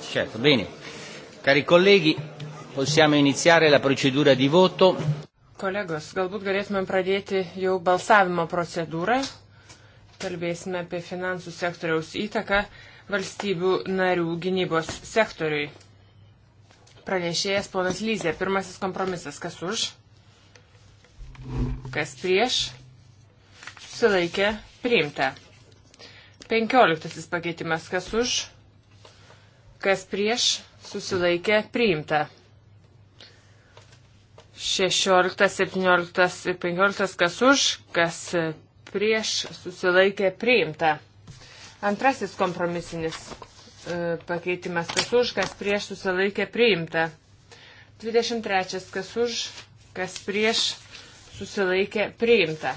Certo, bene. Cari colleghi, possiamo iniziare la procedura di voto. Kolegos, galbūt galėtumėm pradėti jau balsavimo procedūrą. Kalbėsime apie finansų sektoriaus įtaką valstybių narių gynybos sektoriui. Pranešėjas ponas Lyzė, pirmasis kompromisas, kas už, kas prieš, susilaikė, priimta. Penkioliktasis pakeitimas, kas už, kas prieš susilaikė priimta. 16, 17 ir 15 kas už, kas prieš susilaikė priimta. Antrasis kompromisinis e, pakeitimas kas už, kas prieš susilaikė priimta. 23 kas už, kas prieš susilaikė priimta.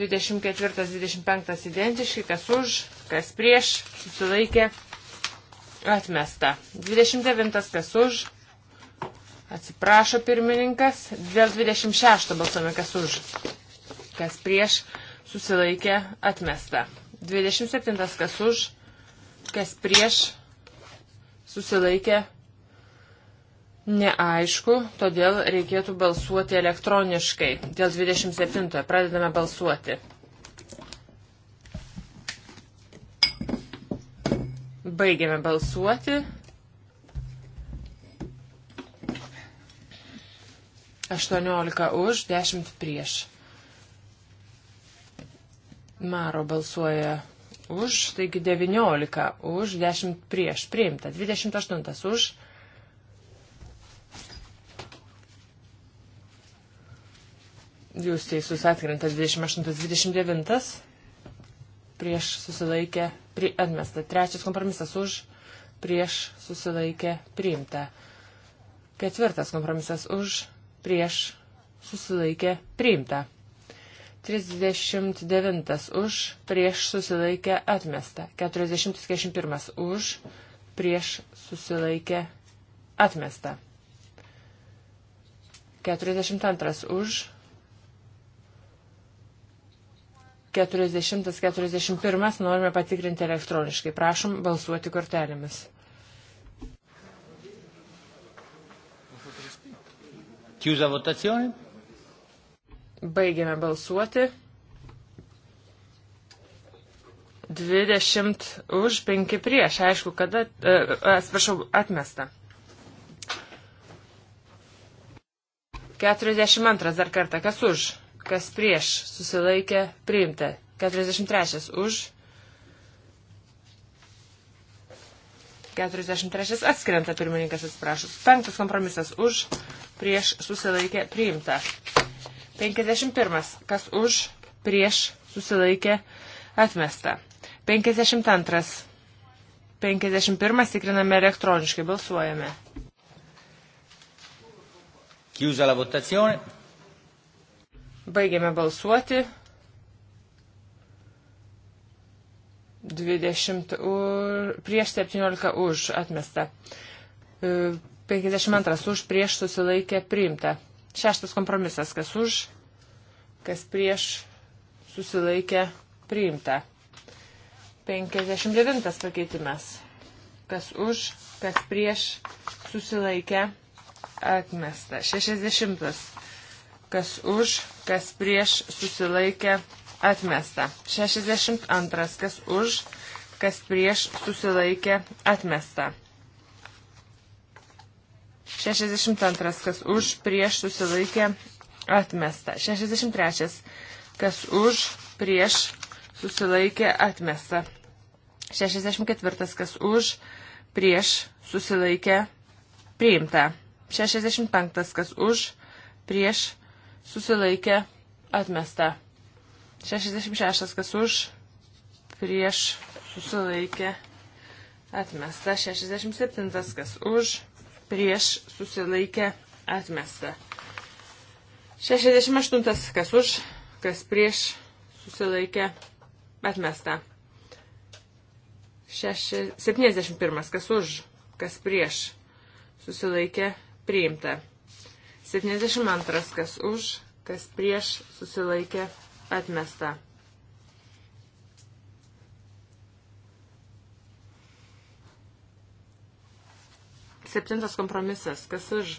24, 25 identiški, kas už, kas prieš susilaikė priimta Atmesta. 29 kas už. Atsiprašo pirmininkas. Dėl 26 balsuojame kas už. Kas prieš. Susilaikė. Atmesta. 27 kas už. Kas prieš. Susilaikė. Neaišku, todėl reikėtų balsuoti elektroniškai. Dėl 27 pradedame balsuoti. Baigiame balsuoti. Aštuoniolika už, dešimt prieš. Maro balsuoja už, taigi 19 už, 10 prieš, priimta, 28 už. Jūs teisus atkrenta 28, 29 prieš susilaikę pri, atmesta. Trečias kompromisas už, prieš susilaikė priimta. Ketvirtas kompromisas už, prieš susilaikė priimta. 39 už, prieš susilaikė atmesta. 40-41 už, prieš susilaikė atmesta. 42 už, 40-41 norime patikrinti elektroniškai. Prašom balsuoti kortelėmis. Chiusa votazione. Baigiame balsuoti. 20 už, 5 prieš. Aišku, kada, e, e atsiprašau, atmesta. 42 dar kartą. Kas už? kas prieš, susilaikė, priimta. 43 už. 43 atskrenta pirmininkas atsiprašus. 5 kompromisas už, prieš susilaikė, priimta. 51 kas už, prieš susilaikė, atmesta. 52. 51 tikriname elektroniškai, balsuojame. Chiusa la votazione. Baigėme balsuoti. 20 už, prieš 17 už atmesta. 52 e, už prieš susilaikė priimta. Šeštas kompromisas, kas už, kas prieš susilaikė priimta. 59 pakeitimas, kas už, kas prieš susilaikė atmesta. 60 kas už, kas prieš susilaikė atmesta. 62, kas už, kas prieš susilaikė atmesta. 62, kas už, prieš susilaikė atmesta. 63, kas už, prieš susilaikė atmesta. 64, kas už, prieš susilaikė priimta. 65, kas už, prieš susilaikė atmesta. 66 kas už, prieš susilaikė atmesta. 67 kas už, prieš susilaikė atmesta. 68 kas už, kas prieš susilaikė atmesta. 71 kas už, kas prieš susilaikė priimta. 72. Kas už, kas prieš susilaikė atmesta. Septintas kompromisas. Kas už,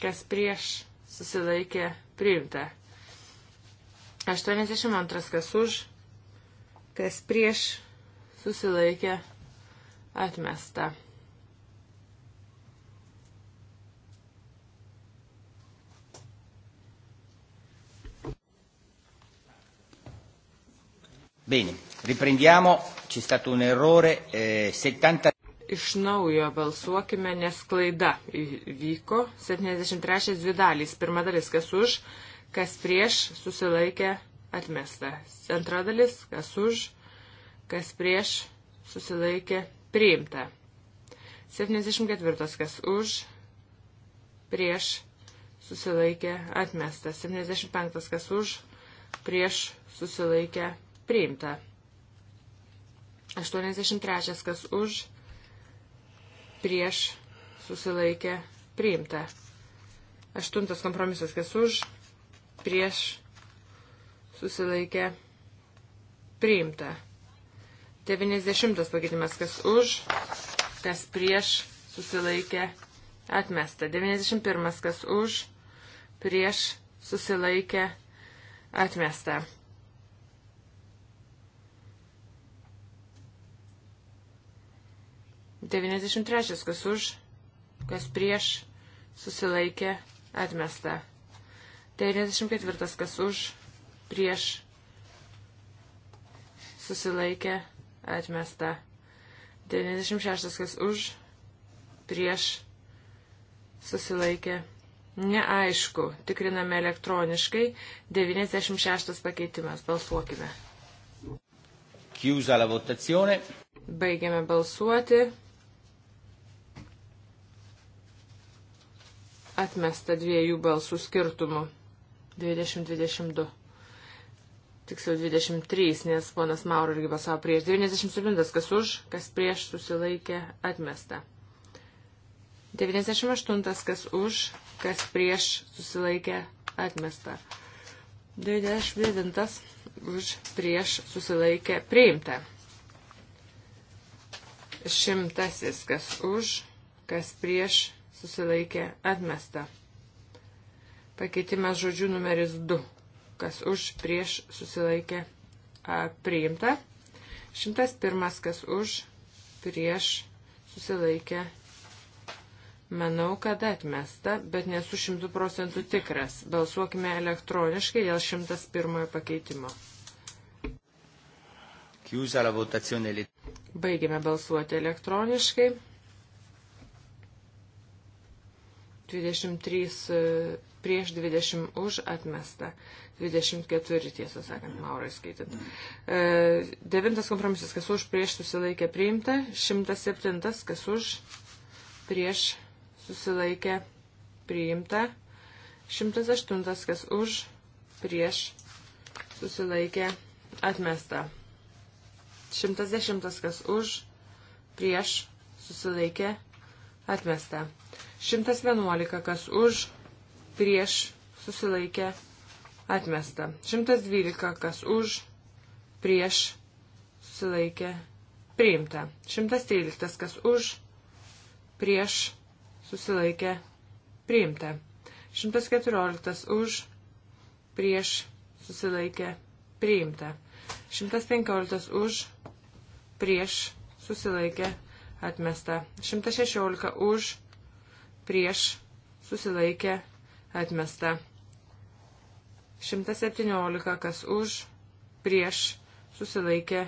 kas prieš susilaikė priimta. 82. Kas už, kas prieš susilaikė atmesta. Bene, riprendiamo, c'è stato un errore, eh, 70. Iš naujo balsuokime, nes klaida įvyko. 73 dvi dalys. Pirma dalis, kas už, kas prieš, susilaikė, atmesta. Antra dalis, kas už, kas prieš, susilaikė, priimta. 74, kas už, prieš, susilaikė, atmesta. 75, kas už, prieš, susilaikė, priimta. 83 kas už, prieš susilaikė priimta. 8 kompromisas kas už, prieš susilaikė priimta. 90 pakeitimas kas už, kas prieš susilaikė atmesta. 91 kas už, prieš susilaikė atmesta. 93. Kas už, kas prieš, susilaikė, atmesta. 94. Kas už, prieš, susilaikė, atmesta. 96. Kas už, prieš, susilaikė. Neaišku, tikriname elektroniškai. 96 pakeitimas. Balsuokime. Chiusa la votazione. Baigiame balsuoti. Atmesta dviejų balsų skirtumų. 20-22. Tiksliau 23, nes ponas Mauro irgi balsavo prieš. 97, kas už, kas prieš susilaikė, atmesta. 98, kas už, kas prieš susilaikė, atmesta. 99 už prieš susilaikė priimta. Šimtasis, kas už, kas prieš susilaikė atmesta. Pakeitimas žodžių numeris 2, kas už prieš susilaikė a, priimta. 101, kas už prieš susilaikė. Manau, kad atmesta, bet nesu 100 procentų tikras. Balsuokime elektroniškai dėl 101 pakeitimo. Baigime balsuoti elektroniškai. 23 e, prieš 20 už atmesta. 24 tiesą sakant, Maurai skaitant. E, devintas kompromisas, kas už prieš susilaikė priimta. 107, kas už prieš susilaikė priimta. 108, kas už prieš susilaikė atmesta. 110, kas už prieš susilaikė atmesta. 111, kas už, prieš, susilaikė, atmesta. 112, kas už, prieš, susilaikė, priimta. 113, kas už, prieš, susilaikė, priimta. 114 už, prieš, susilaikė, priimta. 115 už, prieš, susilaikė, atmesta. 116 už, prieš susilaikė atmesta. 117 kas už, prieš susilaikė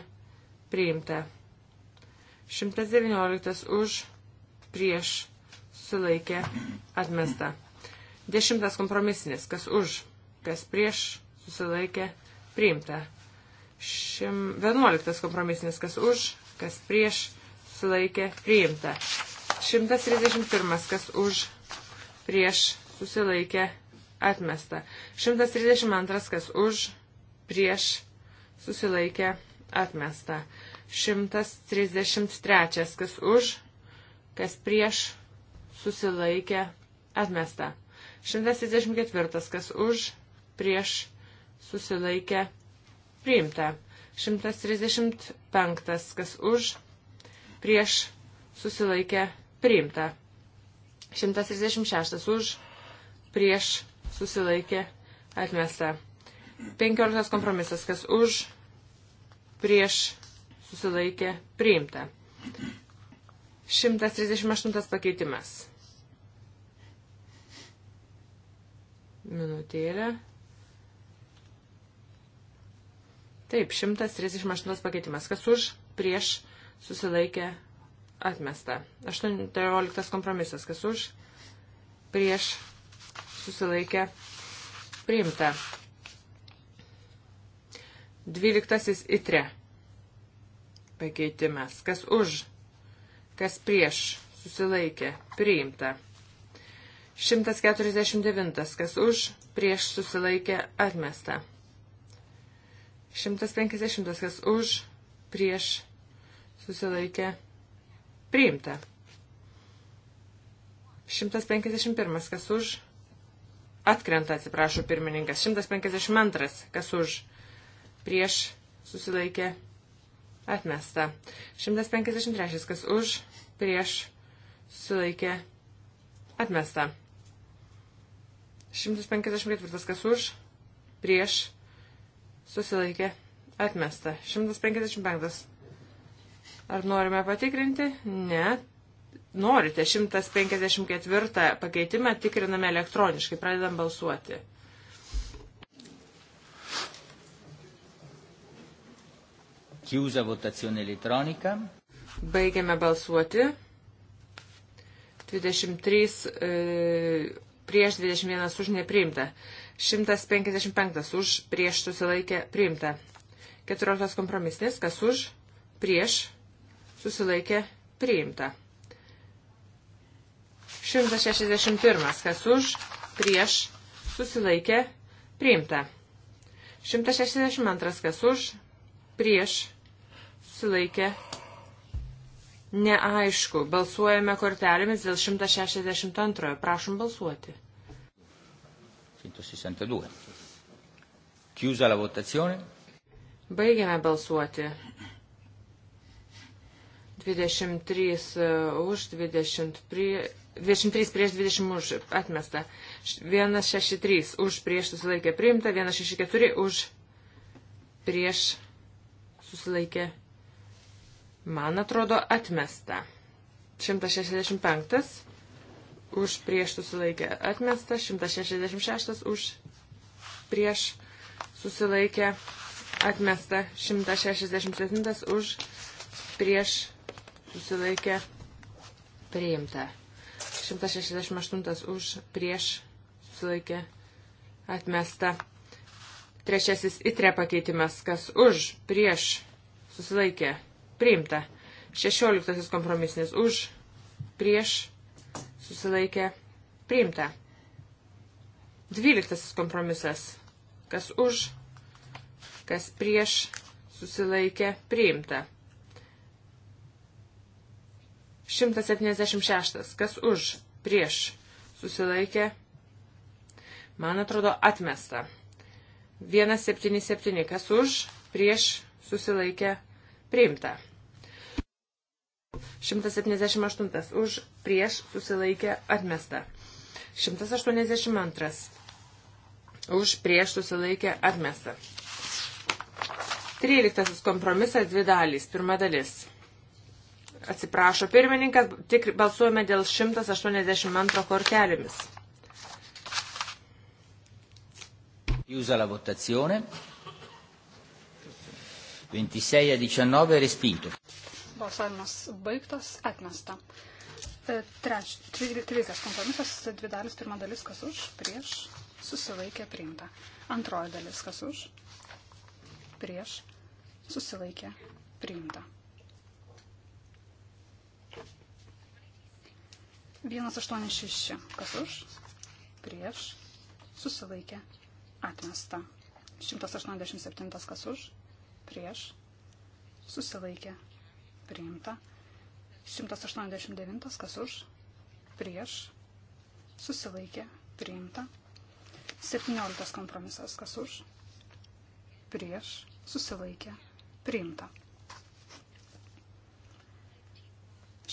priimta. 119 už, prieš susilaikė atmesta. 10 kompromisinis kas už, kas prieš susilaikė priimta. 11 kompromisinis kas už, kas prieš susilaikė priimta. 131. Kas už prieš susilaikė atmesta. 132. Kas už prieš susilaikė atmesta. 133. Kas už, kas prieš susilaikė atmesta. 134. Kas už, prieš susilaikė priimta. 135. Kas už, prieš susilaikė atmesta priimta. 136 už, prieš, susilaikė, atmesta. 15 kompromisas, kas už, prieš, susilaikė, priimta. 138 pakeitimas. Minutėlė. Taip, 138 pakeitimas. Kas už, prieš, susilaikė, atmesta. 18 kompromisas, kas už, prieš, susilaikė, priimta. 12 itre pakeitimas, kas už, kas prieš, susilaikė, priimta. 149, kas už, prieš, susilaikė, atmesta. 150, kas už, prieš, susilaikė, atmesta Priimta. 151. Kas už? Atkrenta, atsiprašau, pirmininkas. 152. Kas už? Prieš susilaikė. Atmesta. 153. Kas už? Prieš susilaikė. Atmesta. 154. Kas už? Prieš susilaikė. Atmesta. 155 Ar norime patikrinti? Ne. Norite 154 pakeitimą tikriname elektroniškai, pradedam balsuoti. Chiusa votazione elettronica. Baigiame balsuoti. 23 e, prieš 21 už nepriimta. 155 už prieš susilaikė priimta. 14 kompromisnis, kas už prieš susilaikė priimta. 161. Kas už, prieš, susilaikė priimta. 162. Kas už, prieš, susilaikė neaišku. Balsuojame kortelėmis dėl 162. Prašom balsuoti. 162. Chiusa la votazione. Baigiame balsuoti. 23 e, už, 20 prie, 23 prieš 20 už atmesta. 163 už prieš susilaikė priimta, 164 už prieš susilaikė. Man atrodo atmesta. 165 už prieš susilaikė atmesta, 166 už prieš susilaikė atmesta, 167 už prieš susilaikė priimta. 168 už prieš susilaikė atmesta. Trečiasis itre pakeitimas, kas už prieš susilaikė priimta. Šešioliktasis kompromisinis už prieš susilaikė priimta. Dvyliktasis kompromisas, kas už, kas prieš susilaikė priimta. 176. Kas už? Prieš. Susilaikė. Man atrodo, atmesta. 177. Kas už? Prieš. Susilaikė. Priimta. 178. Už. Prieš. Susilaikė. Atmesta. 182. Už. Prieš. Susilaikė. Atmesta. 13. Kompromisas dvi dalys. Pirma dalis Atsiprašo pirmininkas, tik balsuojame dėl 182 kortelėmis. Chiusa la votazione. 26 a 19 respinto. Balsavimas baigtas, atmesta. E, treč, 13 kompromisas, dvi dalis, pirma dalis, kas už, prieš, susilaikė, priimta. Antroji dalis, kas už, prieš, susilaikė, priimta. 186. Kas už? Prieš. Susilaikė. Atmesta. 187. Kas už? Prieš. Susilaikė. Priimta. 189. Kas už? Prieš. Susilaikė. Priimta. 17. Kompromisas. Kas už? Prieš. Susilaikė. Priimta.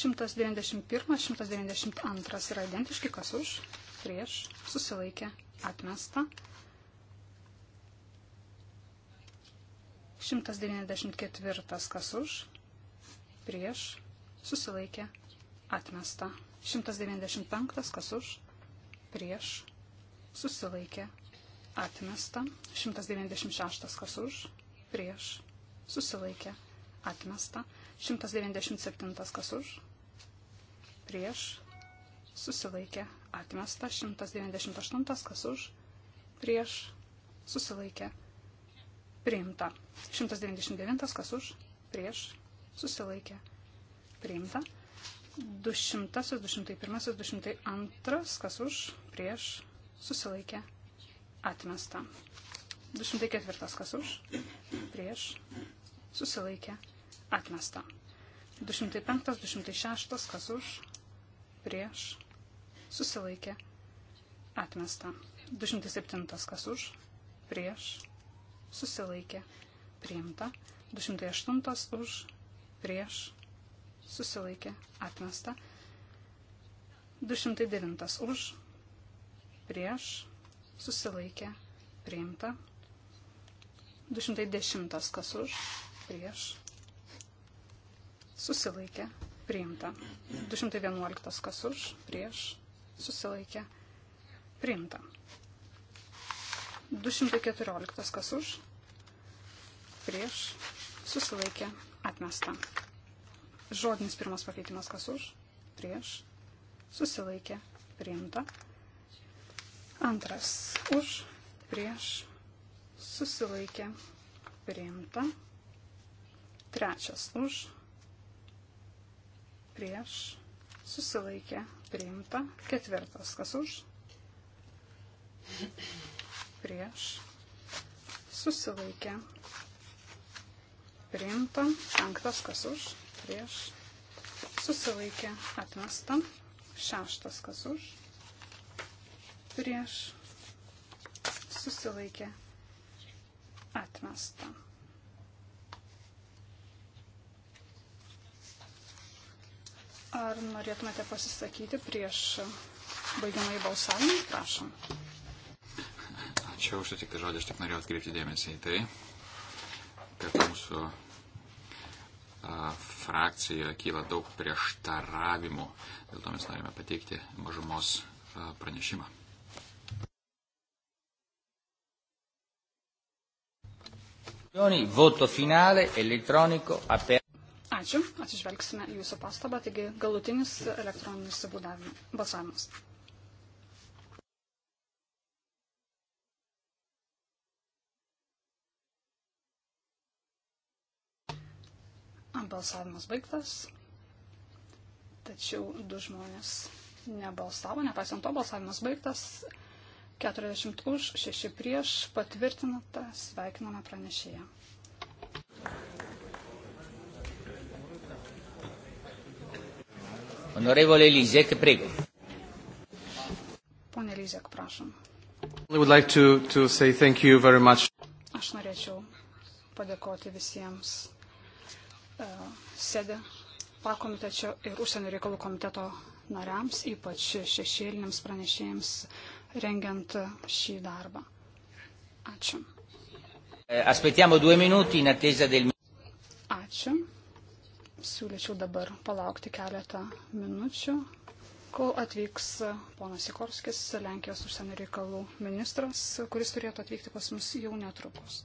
191, 192 yra identiški, kas už, prieš, susilaikė, atmesta. 194, kas už, prieš, susilaikė, atmesta. 195, kas už, prieš, susilaikė, atmesta. 196, kas už, prieš, susilaikė, atmesta. 197, kas už, prieš, susilaikė, atmesta, 198, kas už, prieš, susilaikė, priimta, 199, kas už, prieš, susilaikė, priimta, 200, 201, 202, kas už, prieš, susilaikė, atmesta, 204, kas už, prieš, susilaikė, atmesta. 205, 206, kas už, prieš, susilaikė, atmesta. 207 kas už, prieš, susilaikė, priimta. 208 už, prieš, susilaikė, atmesta. 209 už, prieš, susilaikė, priimta. 210 kas už, prieš, susilaikė, priimta. 211 kas už, prieš, susilaikė, priimta. 214 kas už, prieš, susilaikė, atmesta. Žodinis pirmas pakeitimas kas už, prieš, susilaikė, priimta. Antras už, prieš, susilaikė, priimta. Trečias už, prieš prieš, susilaikė, priimta. Ketvirtas, kas už, prieš, susilaikė, priimta. Penktas, kas už, prieš, susilaikė, atmesta. Šeštas, kas už, prieš, susilaikė, atmesta. Ar norėtumėte pasisakyti prieš baigiamąjį balsavimą? Prašom. Ačiū už sutiktą žodį, aš tik norėjau atkreipti dėmesį į tai, kad mūsų a, frakcijoje kyla daug prieštaravimų, dėl to mes norime pateikti mažumos a, pranešimą. Voto finale elettronico aperto. Ačiū, atsižvelgsime jūsų pastabą, taigi galutinis elektroninis balsavimas. Balsavimas baigtas, tačiau du žmonės nebalsavo, nepaisant to balsavimas baigtas, 40 už, 6 prieš, patvirtinata, sveikiname pranešėją. Honorevole Lizek, prego. Pone Lizek, prašom. Like to, to Aš norėčiau padėkoti visiems uh, e, sėdė pakomitečio ir užsienio reikalų komiteto nariams, ypač šešėliniams pranešėjams, rengiant šį darbą. Ačiū. E, aspettiamo due minuti in attesa del. Ačiū siūlyčiau dabar palaukti keletą minučių, kol atvyks ponas Sikorskis, Lenkijos užsienio reikalų ministras, kuris turėtų atvykti pas mus jau netrukus.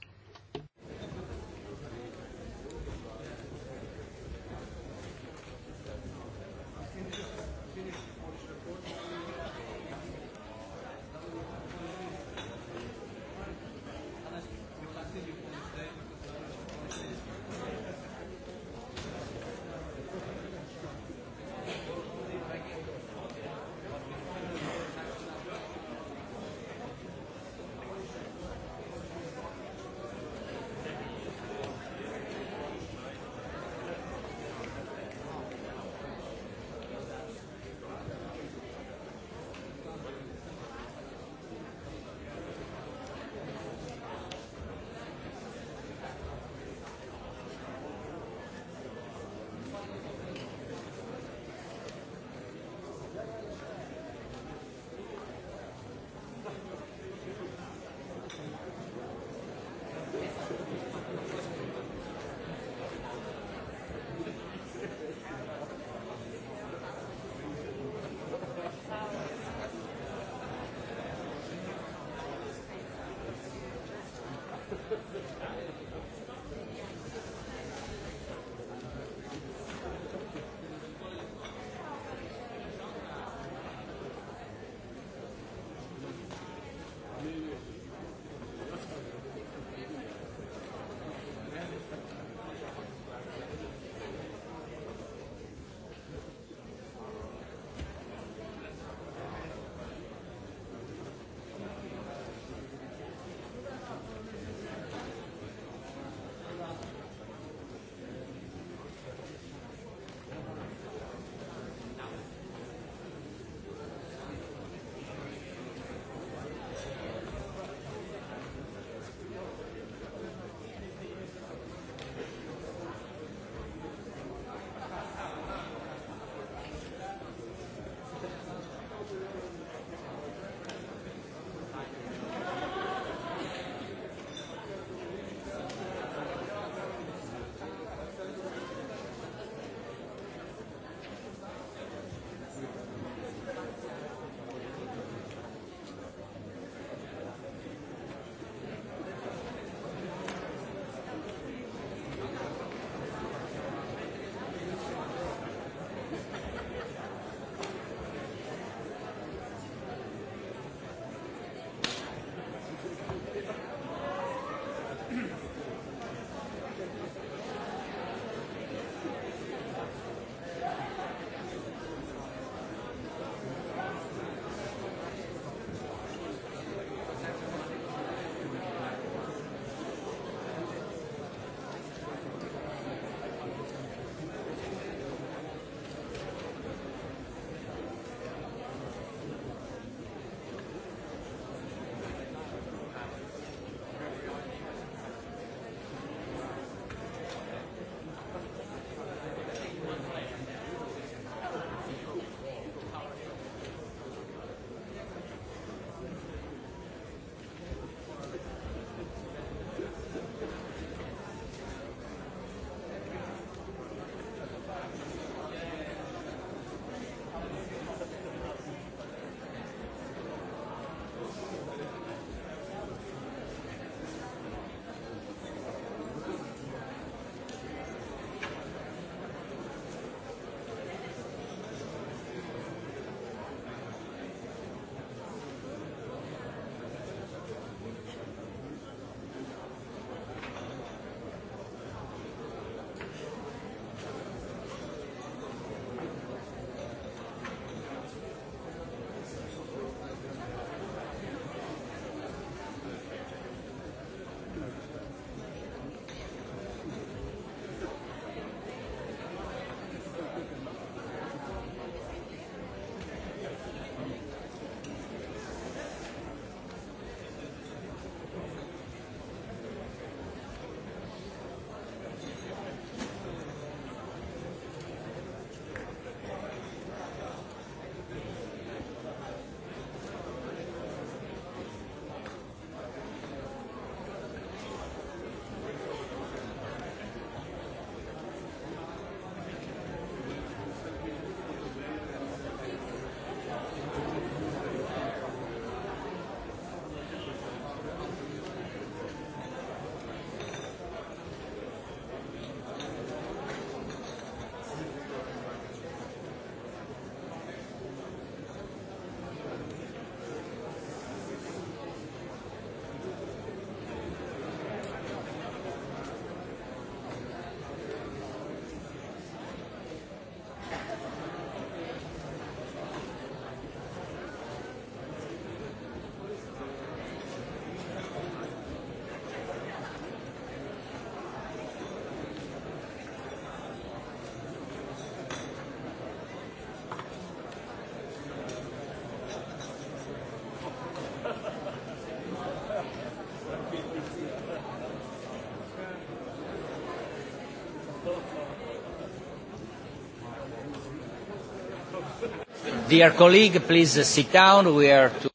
Dear colleague, please sit down. We are to...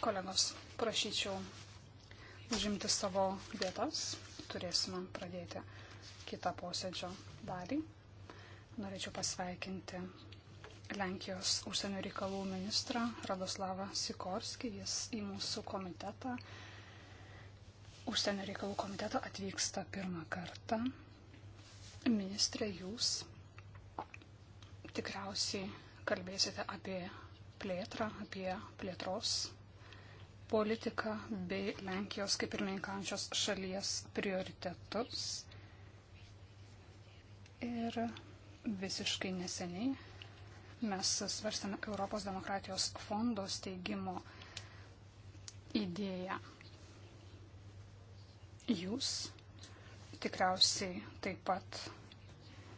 Kolegos, prašyčiau užimti savo vietas. Turėsime pradėti kitą posėdžio dalį. Norėčiau pasveikinti Lenkijos užsienio reikalų ministrą Radoslavą Sikorskį. Jis į mūsų komitetą, užsienio reikalų komitetą atvyksta pirmą kartą. Ministrė, jūs tikriausiai kalbėsite apie plėtrą, apie plėtros politiką bei Lenkijos kaip ir menkančios šalies prioritetus. Ir visiškai neseniai mes svarstame Europos demokratijos fondo steigimo idėją. Jūs tikriausiai taip pat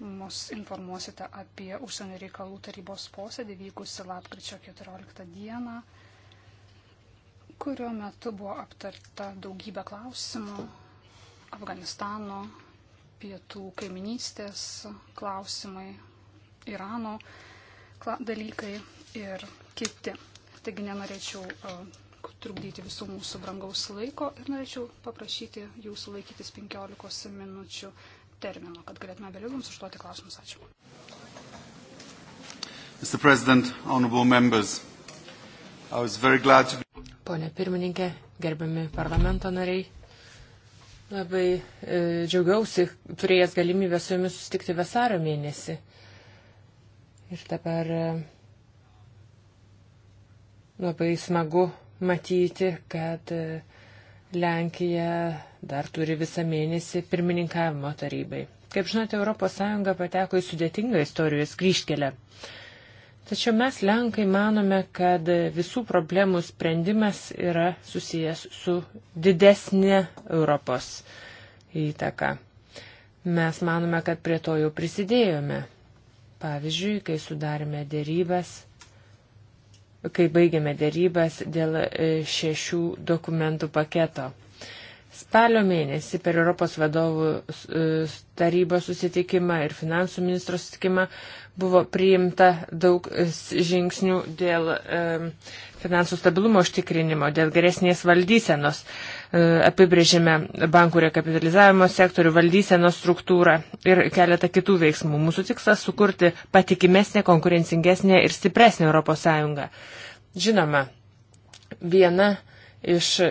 mus informuosite apie užsienio reikalų tarybos posėdį vykusi lapkričio 14 dieną, kurio metu buvo aptarta daugybė klausimų Afganistano, pietų kaiminystės klausimai, Irano dalykai ir kiti. Taigi nenorėčiau e, trukdyti visų mūsų brangaus laiko ir norėčiau paprašyti jūsų laikytis 15 minučių termino, kad galėtume vėliau jums užduoti klausimus. Ačiū. Mr. President, honorable members, I was very glad to be... Pone pirmininkė, gerbiami parlamento nariai, labai e, džiaugiausi turėjęs galimybę su jumis sustikti vasario mėnesį. Ir dabar e, labai smagu matyti, kad e, Lenkija dar turi visą mėnesį pirmininkavimo tarybai. Kaip žinote, ES pateko į sudėtingą istorijos kryškelę. Tačiau mes, Lenkai, manome, kad visų problemų sprendimas yra susijęs su didesnė Europos įtaka. Mes manome, kad prie to jau prisidėjome. Pavyzdžiui, kai sudarėme dėrybas kai baigėme dėrybas dėl e, šešių dokumentų paketo. Spalio mėnesį per Europos vadovų e, tarybos susitikimą ir finansų ministro susitikimą buvo priimta daug žingsnių dėl e, finansų stabilumo užtikrinimo, dėl geresnės valdysenos. E, apibrėžėme bankų rekapitalizavimo sektorių, valdysenos struktūrą ir keletą kitų veiksmų. Mūsų tikslas - sukurti patikimesnę, konkurencingesnę ir stipresnę ES. Žinoma, viena iš e,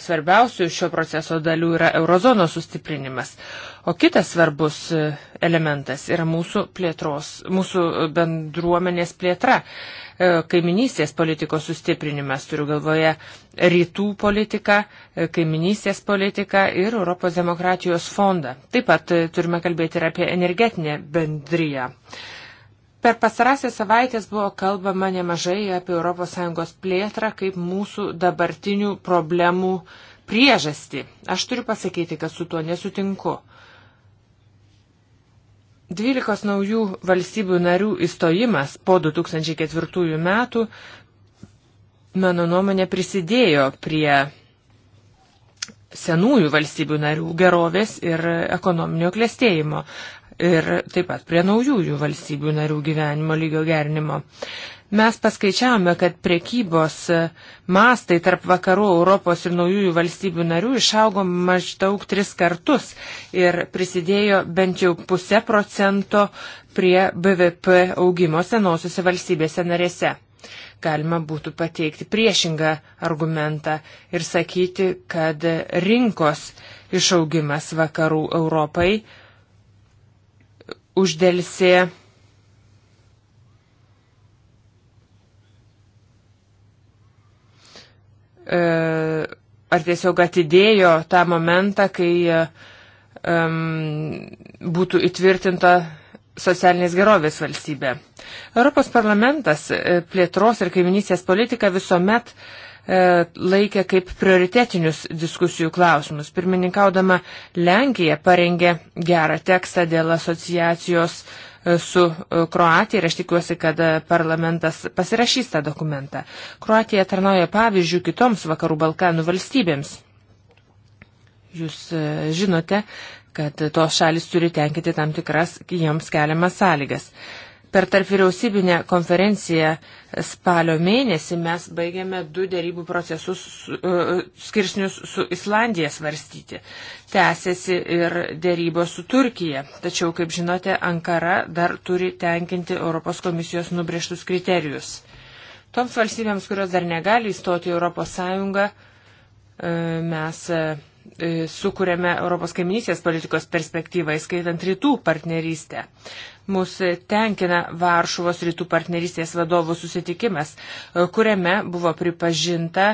svarbiausių šio proceso dalių yra eurozonos sustiprinimas, o kitas svarbus e, elementas yra mūsų plėtros, mūsų bendruomenės plėtra, e, kaiminystės politikos sustiprinimas, turiu galvoje rytų politiką, e, kaiminystės politiką ir Europos demokratijos fondą. Taip pat e, turime kalbėti ir apie energetinę bendryją. E, Per pasarąsią savaitės buvo kalbama nemažai apie ES plėtrą kaip mūsų dabartinių problemų priežastį. Aš turiu pasakyti, kad su tuo nesutinku. 12 naujų valstybių narių įstojimas po 2004 metų, mano nuomonė, prisidėjo prie senųjų valstybių narių gerovės ir ekonominio klėstėjimo ir taip pat prie naujųjų valstybių narių gyvenimo lygio gerinimo. Mes paskaičiavome, kad priekybos e, mastai tarp vakarų Europos ir naujųjų valstybių narių išaugo maždaug tris kartus ir prisidėjo bent jau pusę procento prie BVP augimo senosiuose valstybėse narėse galima būtų pateikti priešingą argumentą ir sakyti, kad rinkos išaugimas vakarų Europai uždelsė e, ar tiesiog atidėjo tą momentą, kai um, būtų įtvirtinta socialinės gerovės valstybė. Europos parlamentas e, plėtros ir kaiminystės politiką visuomet uh, E, laikė kaip prioritetinius diskusijų klausimus. Pirmininkaudama Lenkija parengė gerą tekstą dėl asociacijos e, su e, Kroatija ir aš tikiuosi, kad parlamentas pasirašys tą dokumentą. Kroatija tarnauja pavyzdžių kitoms vakarų Balkanų valstybėms. Jūs žinote, kad tos šalis turi tenkinti tam tikras jiems keliamas sąlygas. Per tarp vyriausybinę konferenciją spalio mėnesį mes baigėme du dėrybų procesus uh, skirsnius su Islandija svarstyti. Tęsiasi ir dėrybos su Turkija, tačiau, kaip žinote, Ankara dar turi tenkinti Europos komisijos nubrieštus kriterijus. Toms valstybėms, kurios dar negali įstoti į Europos Sąjungą, uh, mes. Uh, E, sukūrėme Europos kaiminysės politikos perspektyvą, įskaitant rytų partnerystę. Mūsų tenkina Varšuvos rytų partnerystės vadovų susitikimas, e, kuriame buvo pripažinta,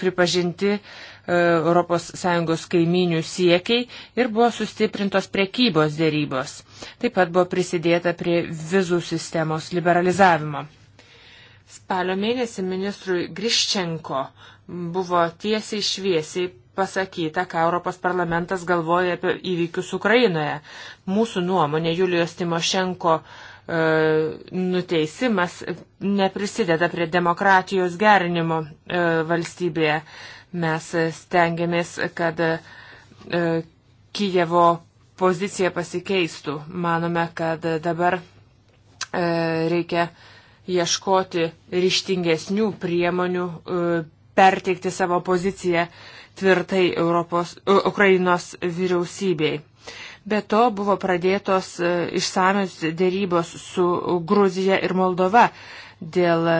pripažinti ES kaiminių siekiai ir buvo sustiprintos priekybos dėrybos. Taip pat buvo prisidėta prie vizų sistemos liberalizavimo. Spalio mėnesį ministrui Griščenko buvo tiesiai šviesiai pasakyta, ką Europos parlamentas galvoja apie įvykius Ukrainoje. Mūsų nuomonė Julijos Timošenko e, nuteisimas neprisideda prie demokratijos gerinimo e, valstybėje. Mes stengiamės, kad e, Kijevo pozicija pasikeistų. Manome, kad dabar e, reikia ieškoti ryštingesnių priemonių, e, perteikti savo poziciją e, tvirtai Europos, Ukrainos vyriausybei. Be to buvo pradėtos e, išsamios dėrybos su Gruzija ir Moldova dėl e,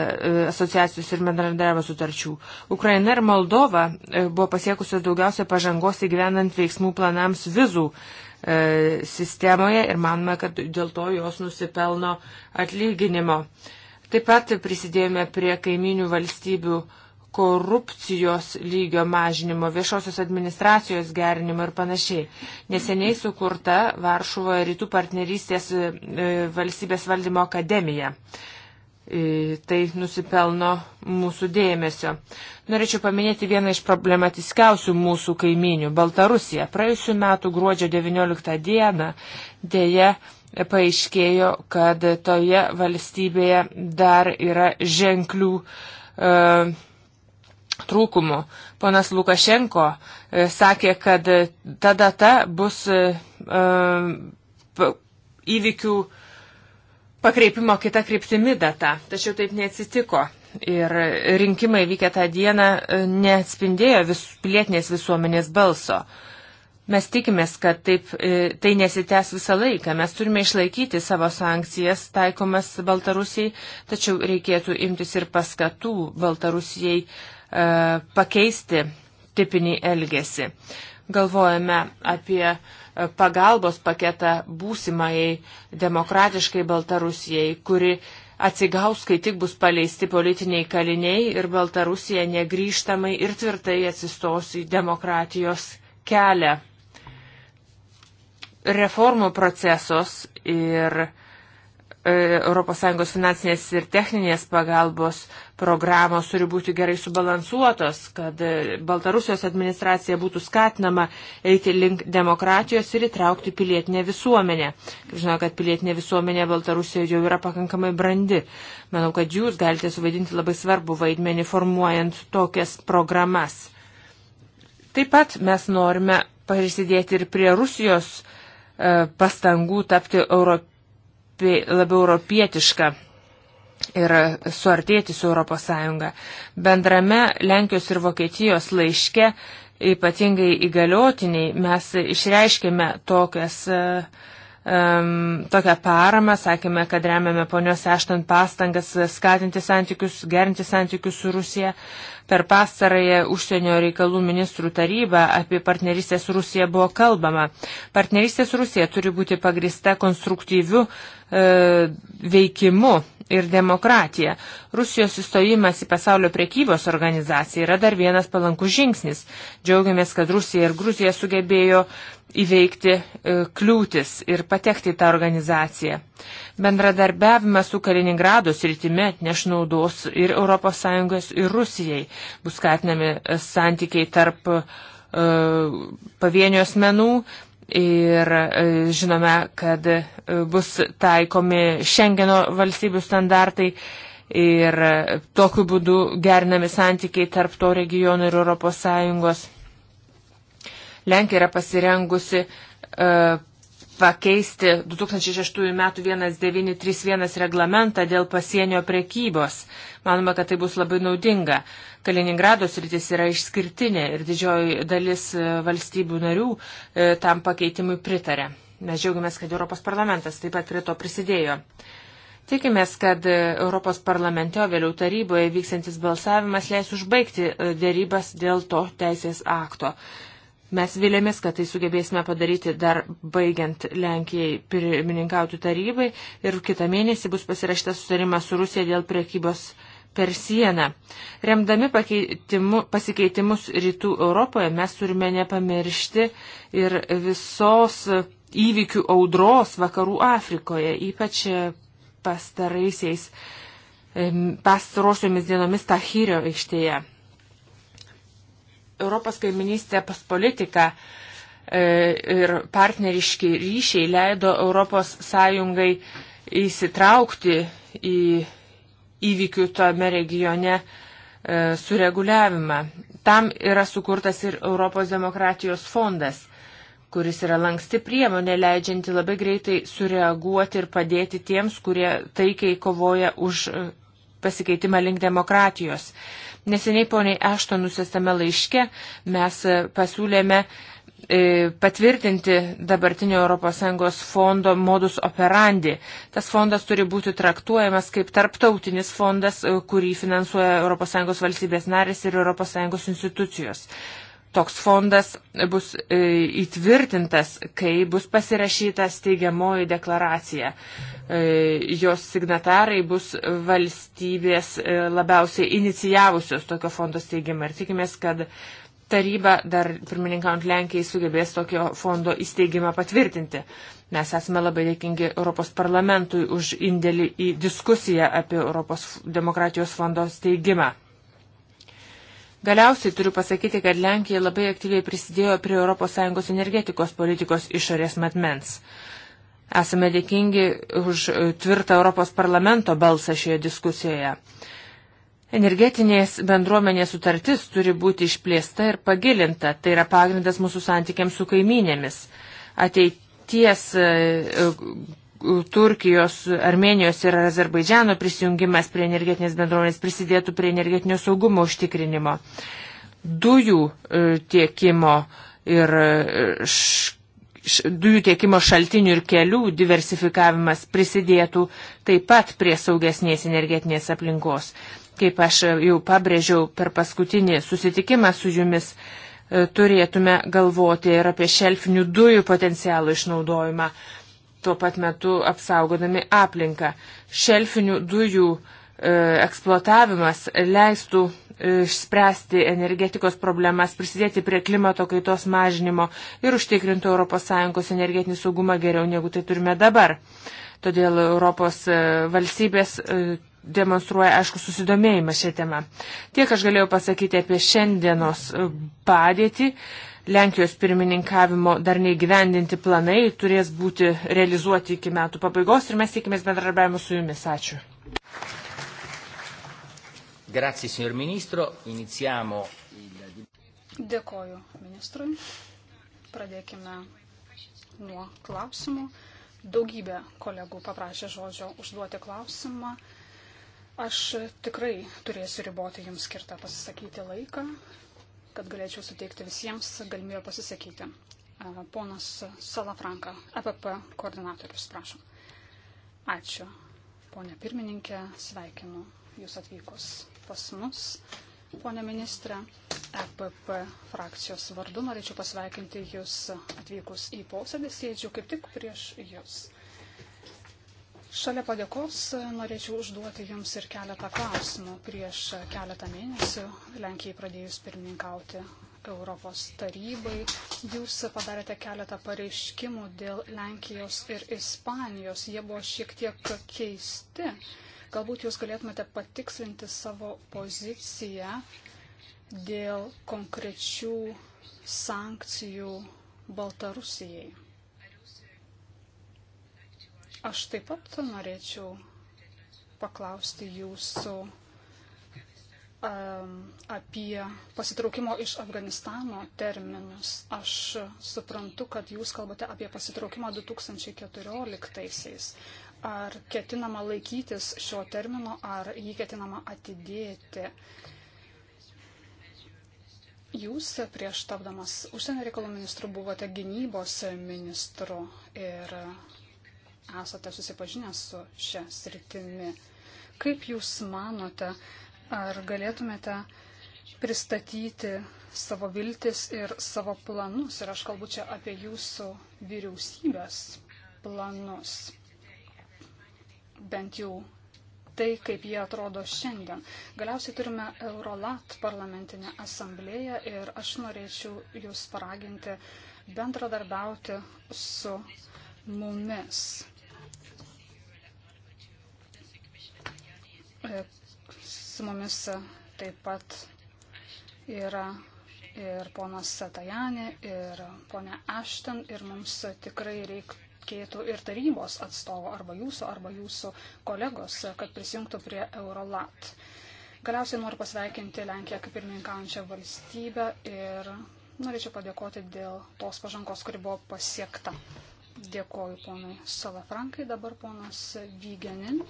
asociacijos ir bendradarbiavimo sutarčių. Ukraina ir Moldova e, buvo pasiekusios daugiausia pažangos įgyvenant veiksmų planams vizų e, sistemoje ir manome, kad dėl to jos nusipelno atlyginimo. Taip pat prisidėjome prie kaiminių valstybių e, korupcijos lygio mažinimo, viešosios administracijos gerinimo ir panašiai. Neseniai sukurta Varšuvoje rytų partnerystės e, e, valstybės valdymo akademija. E, tai nusipelno mūsų dėmesio. Norėčiau paminėti vieną iš problematiskiausių mūsų kaiminių - Baltarusiją. Praėjusiu metu gruodžio 19 dieną dėja paaiškėjo, kad toje valstybėje dar yra ženklių uh, e, trūkumų. Ponas Lukašenko e, sakė, kad e, ta data bus e, įvykių pakreipimo kita kryptimi data, tačiau taip neatsitiko. Ir rinkimai vykę tą dieną neatspindėjo vis, pilietinės visuomenės balso. Mes tikimės, kad taip, tai nesitęs visą laiką. Mes turime išlaikyti savo sankcijas taikomas Baltarusijai, tačiau reikėtų imtis ir paskatų Baltarusijai uh, E, pakeisti tipinį elgesį. Galvojame apie e, pagalbos paketą būsimai demokratiškai Baltarusijai, kuri atsigaus, kai tik bus paleisti politiniai kaliniai ir Baltarusija negryžtamai ir tvirtai atsistos į demokratijos kelią. Reformų procesos ir ES finansinės ir techninės pagalbos programos turi būti gerai subalansuotos, kad e, Baltarusijos administracija būtų skatinama eiti link demokratijos ir įtraukti pilietinę visuomenę. Žinau, kad pilietinė visuomenė Baltarusijoje jau yra pakankamai brandi. Manau, kad jūs galite suvaidinti labai svarbu vaidmenį formuojant tokias programas. Taip pat mes norime prisidėti ir prie Rusijos e, pastangų tapti Europos labiau, labiau europietiška ir suartėti su ES. Bendrame Lenkijos ir Vokietijos laiške, ypatingai įgaliotiniai, mes išreiškėme tokias uh, um, tokią paramą, sakėme, kad remiame ponios Eštant pastangas skatinti santykius, gerinti santykius su Rusija. Per pastarąją užsienio reikalų ministrų tarybą apie partnerystę su Rusija buvo kalbama. Partnerystė su Rusija turi būti pagrista konstruktyviu e, veikimu ir demokratiją. Rusijos įstojimas į pasaulio priekybos organizaciją yra dar vienas palankus žingsnis. Džiaugiamės, kad Rusija ir Gruzija sugebėjo įveikti e, kliūtis ir patekti į tą organizaciją. Bendradarbiavimas su Kaliningrado sritimi atneš naudos ir ES, ir Rusijai. Bus skatinami e, santykiai tarp uh, e, pavienios menų Ir e, žinome, kad e, bus taikomi Šengeno valstybių standartai ir e, tokiu būdu gerinami santykiai tarp to regiono ir ES. Lenkija yra pasirengusi pakeisti 2006 m. 1931 reglamentą dėl pasienio prekybos. Manoma, kad tai bus labai naudinga. Kaliningrado sritis yra išskirtinė ir didžioji dalis e, valstybių narių e, tam pakeitimui pritarė. Mes džiaugiamės, kad Europos parlamentas taip pat prie to prisidėjo. Tikimės, kad e, Europos parlamente, o vėliau taryboje vyksantis balsavimas leis užbaigti dėrybas dėl to teisės akto. Mes vėlėmės, kad tai sugebėsime padaryti dar baigiant Lenkijai pirmininkauti tarybai ir kitą mėnesį bus pasirašytas susitarimas su Rusija dėl priekybos per sieną. Remdami pasikeitimus rytų Europoje mes turime nepamiršti ir visos įvykių audros vakarų Afrikoje, ypač pastaraisiais pastarosiomis dienomis Tahyrio aikštėje. Europos kaiminystės politika e, ir partneriški ryšiai leido Europos Sąjungai įsitraukti į įvykių tame regione e, sureguliavimą. Tam yra sukurtas ir Europos demokratijos fondas, kuris yra lanksti priemonė leidžianti labai greitai sureaguoti ir padėti tiems, kurie taikiai kovoja už e, pasikeitimą link demokratijos. Neseniai poniai Ešto nusistame laiške mes e, pasiūlėme e, patvirtinti dabartinio ES fondo modus operandi. Tas fondas turi būti traktuojamas kaip tarptautinis fondas, e, kurį finansuoja ES valstybės narės ir ES institucijos toks fondas bus e, įtvirtintas, kai bus pasirašyta steigiamoji deklaracija. E, jos signatarai bus valstybės e, labiausiai inicijavusios tokio fondo steigimą ir tikimės, kad taryba dar pirmininkaujant Lenkijai sugebės tokio fondo įsteigimą patvirtinti. Mes esame labai dėkingi Europos parlamentui už indėlį į diskusiją apie Europos demokratijos fondo steigimą. Galiausiai turiu pasakyti, kad Lenkija labai aktyviai prisidėjo prie ES energetikos politikos išorės matmens. Esame dėkingi už tvirtą Europos parlamento balsą šioje diskusijoje. Energetinės bendruomenės sutartis turi būti išplėsta ir pagilinta. Tai yra pagrindas mūsų santykiams su kaiminėmis. Ateities e, Turkijos, Armenijos ir Azerbaidžiano prisijungimas prie energetinės bendruomenės prisidėtų prie energetinio saugumo užtikrinimo. Dujų e, tiekimo ir e, š, š, dujų tiekimo šaltinių ir kelių diversifikavimas prisidėtų taip pat prie saugesnės energetinės aplinkos. Kaip aš jau pabrėžiau per paskutinį susitikimą su jumis, e, turėtume galvoti ir apie šelfinių dujų potencialų išnaudojimą tuo pat metu apsaugodami aplinką. Šelfinių dujų e, eksploatavimas leistų e, išspręsti energetikos problemas, prisidėti prie klimato kaitos mažinimo ir užtikrintų ES energetinį saugumą geriau negu tai turime dabar. Todėl Europos e, valstybės demonstruoja, aišku, susidomėjimą šią temą. Tiek aš galėjau pasakyti apie šiandienos padėtį. Lenkijos pirmininkavimo dar neįgyvendinti planai turės būti realizuoti iki metų pabaigos ir mes tikimės bendradarbiavimo su jumis. Ačiū. Grazie, signor ministro. Iniziamo. Dėkoju ministrui. Pradėkime nuo klausimų. Daugybė kolegų paprašė žodžio užduoti klausimą. Aš tikrai turėsiu riboti jums skirtą pasisakyti laiką kad galėčiau suteikti visiems galimybę pasisakyti. Ponas Salafranka, EPP koordinatorius, prašom. Ačiū, ponė pirmininkė, sveikinu Jūs atvykus pas mus. Pone ministrė, EPP frakcijos vardu norėčiau pasveikinti Jūs atvykus į posėdį, sėdžiu kaip tik prieš Jūs. Šalia padėkos norėčiau užduoti Jums ir keletą klausimų. Prieš keletą mėnesių Lenkijai pradėjus pirmininkauti Europos tarybai, Jūs padarėte keletą pareiškimų dėl Lenkijos ir Ispanijos. Jie buvo šiek tiek keisti. Galbūt Jūs galėtumėte patikslinti savo poziciją dėl konkrečių sankcijų Baltarusijai. Aš taip pat norėčiau paklausti jūsų um, apie pasitraukimo iš Afganistano terminus. Aš suprantu, kad jūs kalbate apie pasitraukimą 2014-aisiais. Ar ketinama laikytis šio termino, ar jį ketinama atidėti? Jūs prieš tapdamas užsienio reikalų ministru buvote gynybos ministru ir esate susipažinęs su šia sritimi. Kaip Jūs manote, ar galėtumėte pristatyti savo viltis ir savo planus? Ir aš kalbu čia apie Jūsų vyriausybės planus. Bent jau tai, kaip jie atrodo šiandien. Galiausiai turime Eurolat parlamentinę asamblėją ir aš norėčiau jūs paraginti bendradarbiauti su mumis. E, su mumis taip pat yra ir ponas Satajani, ir ponia Ashton, ir mums tikrai reikėtų ir tarybos atstovo, arba jūsų, arba jūsų kolegos, kad prisijungtų prie Eurolat. Galiausiai noriu pasveikinti Lenkiją kaip pirmininkaujančią valstybę ir norėčiau padėkoti dėl tos pažangos, kuri buvo pasiekta. Dėkoju ponui Salafrankai, dabar ponas Vygenin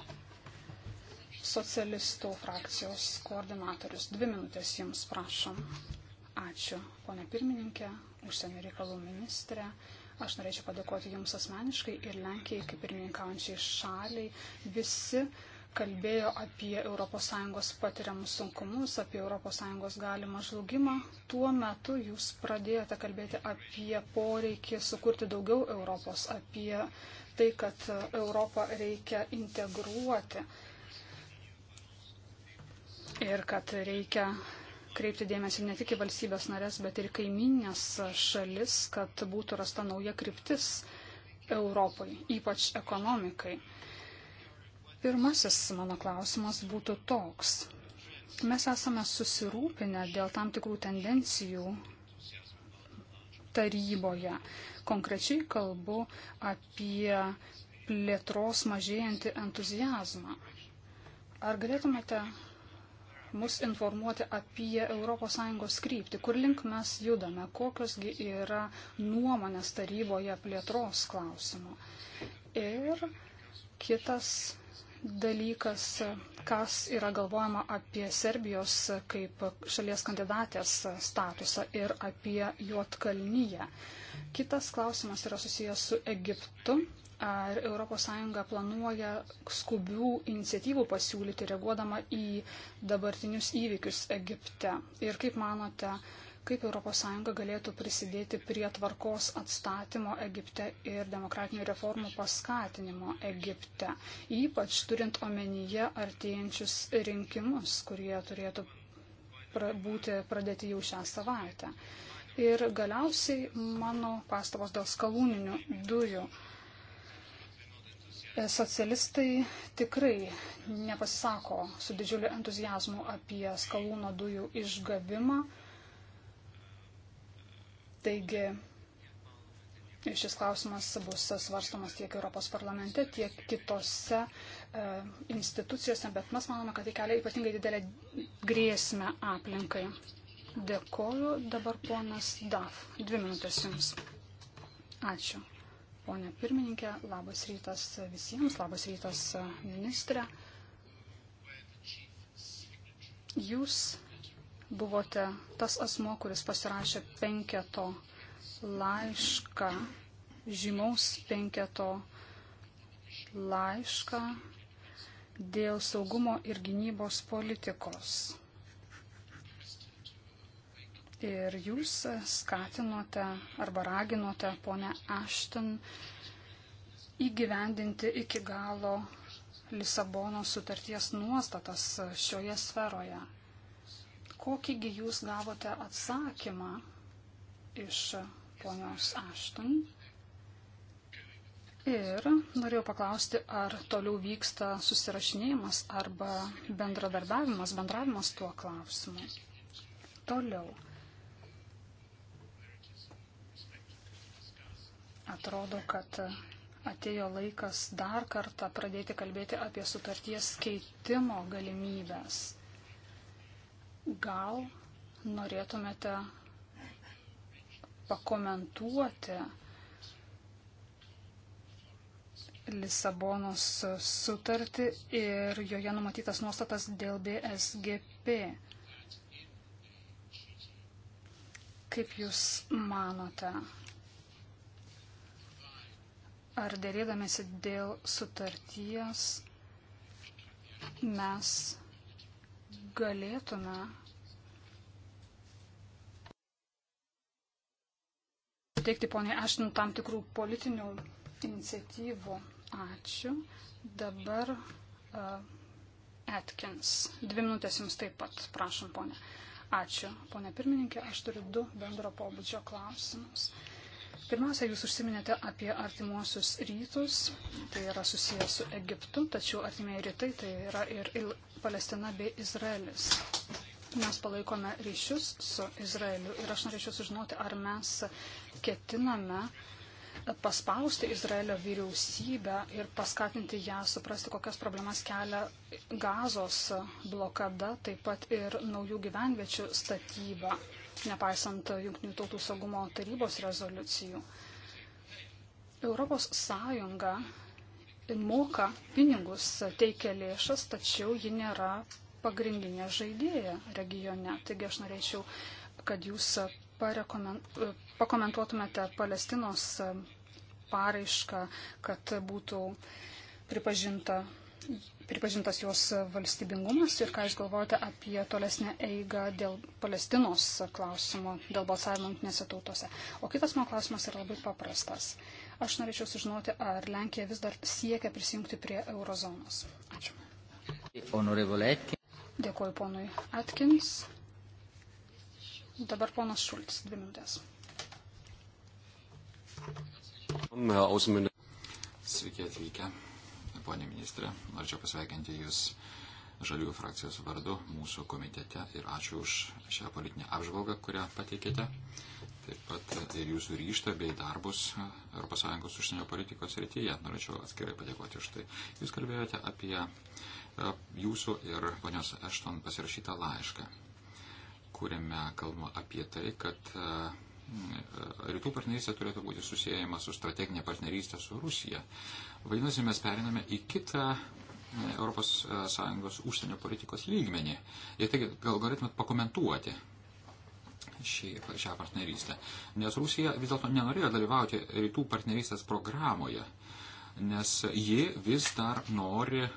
socialistų frakcijos koordinatorius. Dvi minutės jums prašom. Ačiū, ponė pirmininkė, užsienio reikalų ministrė. Aš norėčiau padėkoti Jums asmeniškai ir Lenkijai, kaip pirmininkaujančiai šaliai. Visi kalbėjo apie ES patiriamus sunkumus, apie ES galimą žlugimą. Tuo metu Jūs pradėjote kalbėti apie poreikį sukurti daugiau Europos, apie tai, kad Europą reikia integruoti ir kad reikia kreipti dėmesį ne tik į valstybės narės, bet ir kaiminės šalis, kad būtų rasta nauja kryptis Europai, ypač ekonomikai. Pirmasis mano klausimas būtų toks. Mes esame susirūpinę dėl tam tikrų tendencijų taryboje. Konkrečiai kalbu apie plėtros mažėjantį entuzijazmą. Ar galėtumėte mus informuoti apie ES kryptį, kur link mes judame, kokiosgi yra nuomonės taryboje plėtros klausimo. Ir kitas dalykas, kas yra galvojama apie Serbijos kaip šalies kandidatės statusą ir apie Juotkalnyje. Kitas klausimas yra susijęs su Egiptu ar ES planuoja skubių iniciatyvų pasiūlyti reaguodama į dabartinius įvykius Egipte? Ir kaip manote, kaip ES galėtų prisidėti prie tvarkos atstatymo Egipte ir demokratinių reformų paskatinimo Egipte, ypač turint omenyje artėjančius rinkimus, kurie turėtų pra būti pradėti jau šią savaitę. Ir galiausiai mano pastabos dėl skalūninių dujų. Socialistai tikrai nepasisako su didžiuliu entuzijazmu apie skalūno dujų išgavimą. Taigi šis klausimas bus svarstomas tiek Europos parlamente, tiek kitose e, institucijose, bet mes manome, kad tai kelia ypatingai didelę grėsmę aplinkai. Dėkoju dabar ponas DAF. Dvi minutės jums. Ačiū. Pone pirmininkė, labas rytas visiems, labas rytas ministrė. Jūs buvote tas asmo, kuris pasirašė penketo laišką, žymaus penketo laišką dėl saugumo ir gynybos politikos. Ir jūs skatinote arba raginote ponę Ashton įgyvendinti iki galo Lisabono sutarties nuostatas šioje sferoje. Kokįgi jūs gavote atsakymą iš ponios Ashton? Ir norėjau paklausti, ar toliau vyksta susirašinėjimas arba bendradarbiavimas, bendravimas tuo klausimu. Toliau. Atrodo, kad atėjo laikas dar kartą pradėti kalbėti apie sutarties keitimo galimybės. Gal norėtumėte pakomentuoti Lisabonos sutartį ir joje numatytas nuostatas dėl BSGP. Kaip Jūs manote, ar dėrėdamėsi dėl sutarties mes galėtume suteikti poniai Aštin tam tikrų politinių iniciatyvų. Ačiū. Dabar uh, Atkins. Dvi minutės jums taip pat, prašom, ponė. Ačiū, ponė pirmininkė. Aš turiu du bendro pobūdžio klausimus. Uh, Pirmiausia, jūs užsiminėte apie artimuosius rytus, tai yra susijęs su Egiptu, tačiau artimieji rytai tai yra ir Palestina bei Izraelis. Mes palaikome ryšius su Izraeliu ir aš norėčiau sužinoti, ar mes ketiname paspausti Izraelio vyriausybę ir paskatinti ją suprasti, kokias problemas kelia gazos blokada, taip pat ir naujų gyvenviečių statyba nepaisant Junktinių tautų saugumo tarybos rezoliucijų. Europos Sąjunga moka pinigus, teikia lėšas, tačiau ji nėra pagrindinė žaidėja regione. Taigi aš norėčiau, kad jūs pakomentuotumėte Palestinos paraišką, kad būtų pripažinta pripažintas jos valstybingumas ir ką jūs galvojate apie tolesnę eigą dėl Palestinos klausimo, dėl balsavimo jungtinėse tautose. O kitas mano klausimas yra labai paprastas. Aš norėčiau sužinoti, ar Lenkija vis dar siekia prisijungti prie eurozonos. Ačiū. Dėkuoju ponui Atkins. Dabar ponas Šulcis, dvi minutės. Sveiki atvykę ponė ministrė. Norėčiau pasveikinti Jūs Žaliųjų frakcijos vardu mūsų komitete ir ačiū už šią politinę apžvalgą, kurią pateikėte. Taip pat ir Jūsų ryštą bei darbus ES užsienio politikos rytyje. Norėčiau atskirai padėkoti už tai. Jūs kalbėjote apie e, Jūsų ir ponios Ešton pasirašytą laišką, kuriame kalbama apie tai, kad e, e, Rytų partnerystė turėtų būti susijęjama su strateginė partnerystė su Rusija. Vadinasi, mes periname į kitą ES e, užsienio politikos lygmenį. Ir taigi, gal galėtumėt pakomentuoti šį, šią partnerystę. Nes Rusija vis dėlto nenorėjo dalyvauti rytų partnerystės programoje, nes ji vis dar nori e,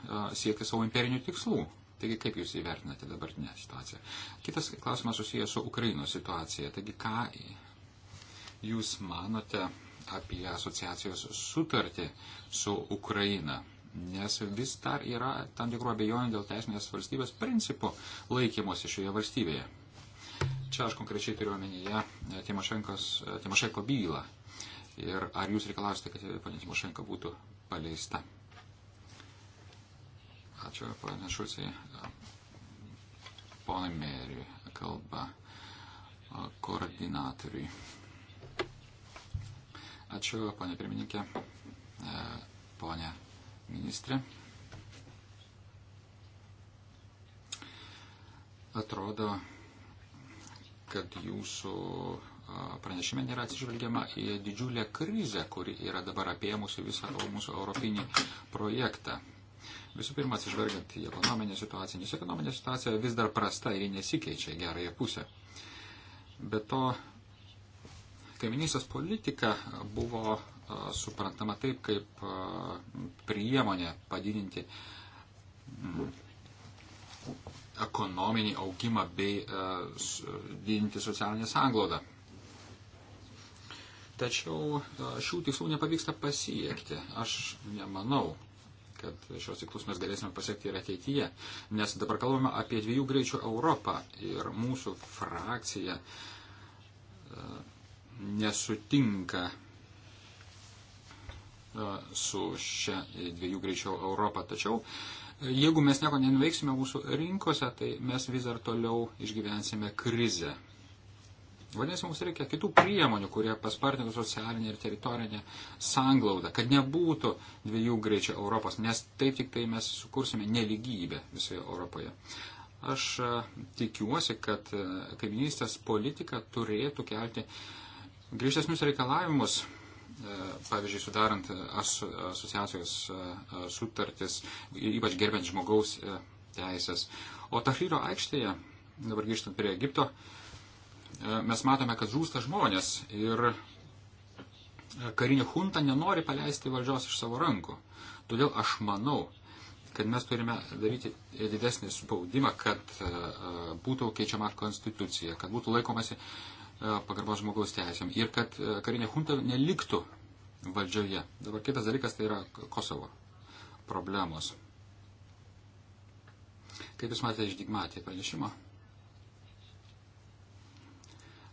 siekti savo imperinių tikslų. Taigi, kaip jūs įvertinate dabartinę situaciją? Kitas klausimas susijęs su Ukrainos situacija. Taigi, ką jūs manote apie asociacijos sutartį su Ukraina, nes vis dar yra tam tikrų abejonių dėl teisinės valstybės principų laikymosi šioje valstybėje. Čia aš konkrečiai turiu omenyje e, e, Timošenko bylą. Ir ar jūs reikalausite, kad e, ponė Timošenko būtų paleista? Ačiū, ponė Šulcija. Ponai Meriui kalba koordinatoriui. Ačiū, ponė pirmininkė, e, ponė ministrė. Atrodo, kad jūsų e, pranešime nėra atsižvelgiama į didžiulę krizę, kuri yra dabar apėmusi visą mūsų europinį projektą. Visų pirma, atsižvelgiant į ekonominę situaciją, nes ekonominė situacija vis dar prasta ir nesikeičia gerąją pusę. Be to, Kaiminysės politika buvo suprantama taip, kaip priemonė padidinti mm, ekonominį augimą bei didinti socialinę sąnglaudą. Tačiau šių tikslų nepavyksta pasiekti. Aš nemanau, kad šios tikslus mes galėsime pasiekti ir ateityje, nes dabar kalbame apie dviejų greičių Europą ir mūsų frakcija nesutinka e, su šia dviejų greičiau Europą. Tačiau e, jeigu mes nieko nenuveiksime mūsų rinkose, tai mes vis dar toliau išgyvensime krizę. Vadinasi, mums reikia kitų priemonių, kurie paspartintų socialinę ir teritorinę sanglaudą, kad nebūtų dviejų greičių Europos, nes taip tik tai mes sukursime neligybę visoje Europoje. Aš e, tikiuosi, kad kaiminystės politika turėtų kelti uh, Grįžtesnius reikalavimus, e, pavyzdžiui, sudarant e, asociacijos e, sutartis, ypač gerbiant žmogaus teisės. O Tahryro aikštėje, dabar grįžtant prie Egipto, mes matome, kad žūsta žmonės ir karinė hunta nenori paleisti valdžios iš savo rankų. Todėl aš manau, kad mes turime daryti didesnį spaudimą, kad būtų keičiama konstitucija, kad būtų laikomasi uh, E, pagarbos žmogaus teisėm ir kad e, karinė hunta neliktų valdžioje. Dabar kitas dalykas tai yra Kosovo problemos. Kaip Jūs matėte iš Digmatė pranešimo,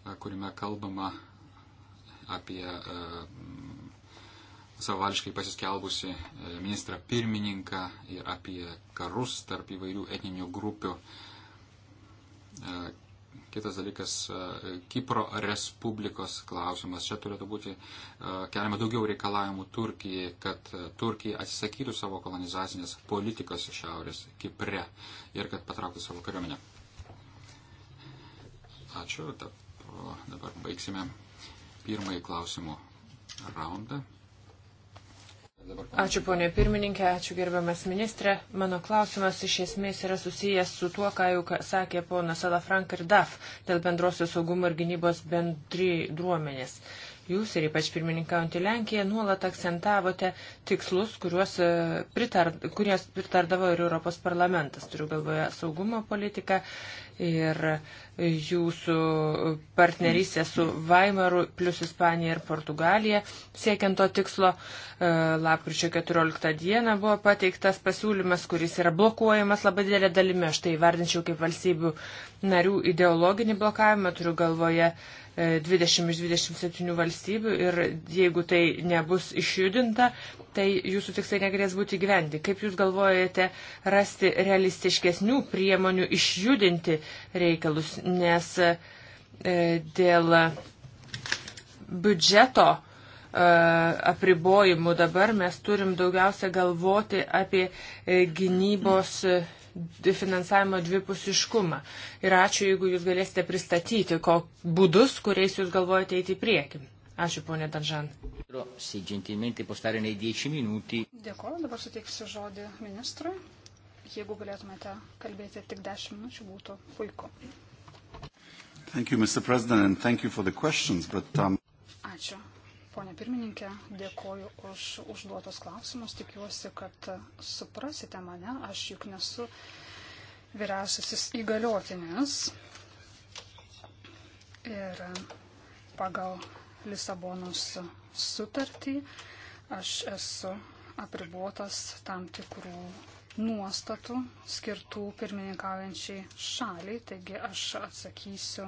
e, kuriame kalbama apie savališkai pasiskelbusi ministrą pirmininką ir apie karus tarp įvairių etninių grupių Kitas dalykas e, - Kipro Respublikos klausimas. Čia turėtų būti e, keliama daugiau reikalavimų Turkijai, kad e, Turkija atsisakytų savo kolonizacinės politikos šiaurės Kipre ir kad patrauktų savo kariuomenę. Ačiū. Dabar baigsime pirmąjį klausimų raundą. Ačiū, ponė pirmininkė, ačiū gerbiamas ministrė. Mano klausimas iš esmės yra susijęs su tuo, ką jau sakė ponas Alafrank ir DAF dėl bendrosios saugumo ir gynybos bendruomenės. Jūs ir ypač pirmininkaujantį Lenkiją nuolat akcentavote tikslus, kuriuos e, pritar, kuriuos pritardavo ir Europos parlamentas. Turiu galvoje saugumo politiką ir jūsų partnerystė su Vaimaru plus Ispanija ir Portugalija. Siekiant to tikslo, e, lapkričio 14 dieną buvo pateiktas pasiūlymas, kuris yra blokuojamas labai didelė dalimi. Aš tai vardinčiau kaip valstybių narių ideologinį blokavimą, turiu galvoje 20 e, iš 27 valstybių ir jeigu tai nebus išjudinta, tai jūsų tikslai negalės būti gyventi. Kaip jūs galvojate rasti realistiškesnių priemonių išjudinti reikalus, nes e, dėl biudžeto e, apribojimų dabar mes turim daugiausia galvoti apie e, gynybos finansavimo dvipusiškumą. Ir ačiū, jeigu jūs galėsite pristatyti ko, būdus, kuriais jūs galvojate eiti į priekį. Ačiū, ponė Danžan. Dėkuoju, dabar suteiksiu žodį ministrui. Jeigu galėtumėte kalbėti tik 10 minučių, būtų puiku. Thank you, Mr. President, and thank you for the questions, but... Um... Ačiū. Pone pirmininkė, dėkoju už užduotus klausimus. Tikiuosi, kad suprasite mane. Aš juk nesu vyriausiasis įgaliotinis. Ir pagal Lisabonos sutartį aš esu apribuotas tam tikrų nuostatų skirtų pirmininkaujančiai šaliai. Taigi aš atsakysiu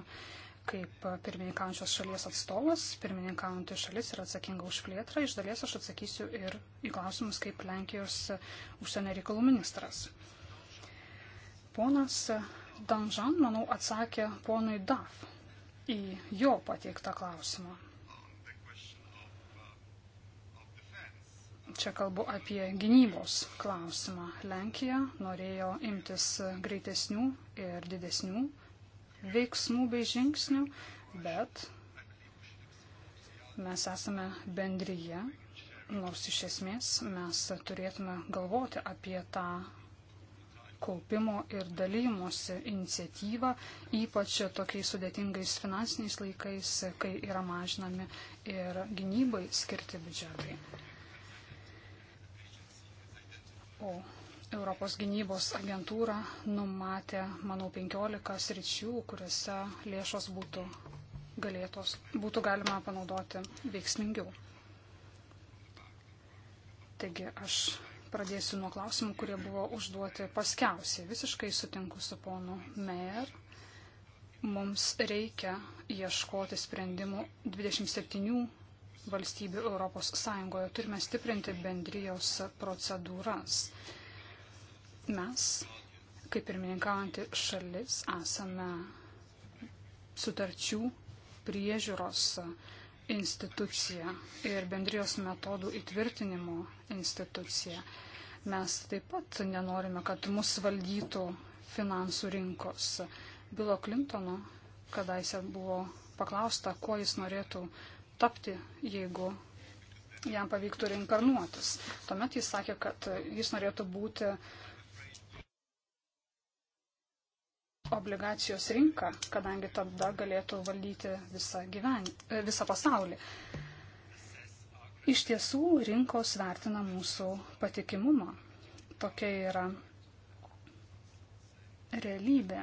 kaip pirmininkaujančios šalies atstovas. Pirmininkaujanti šalis yra atsakinga už plėtrą. Iš dalies aš atsakysiu ir į klausimus kaip Lenkijos užsienio reikalų ministras. Ponas Danžan, manau, atsakė ponui Daf į jo pateiktą klausimą. Čia kalbu apie gynybos klausimą. Lenkija norėjo imtis greitesnių ir didesnių veiksmų bei žingsnių, bet mes esame bendryje, nors iš esmės mes turėtume galvoti apie tą kaupimo ir dalymosi iniciatyvą, ypač tokiais sudėtingais finansiniais laikais, kai yra mažinami ir gynybai skirti biudžetai. O Europos gynybos agentūra numatė, manau, 15 sričių, kuriuose lėšos būtų, galėtos, būtų galima panaudoti veiksmingiau. Taigi aš pradėsiu nuo klausimų, kurie buvo užduoti paskiausiai. Visiškai sutinku su ponu Meir. Mums reikia ieškoti sprendimų 27 valstybių ES. Turime stiprinti bendrijos procedūras. Mes, kaip pirmininkaujantį šalis, esame sutarčių priežiūros institucija ir bendrijos metodų įtvirtinimo institucija. Mes taip pat nenorime, kad mus valdytų finansų rinkos. Bilo Klintono kadaise buvo paklausta, kuo jis norėtų tapti, jeigu jam pavyktų reinkarnuotis. Tuomet jis sakė, kad jis norėtų būti obligacijos rinka, kadangi tada galėtų valdyti visą, gyven... E, visą pasaulį. Iš tiesų, rinkos vertina mūsų patikimumą. Tokia yra realybė.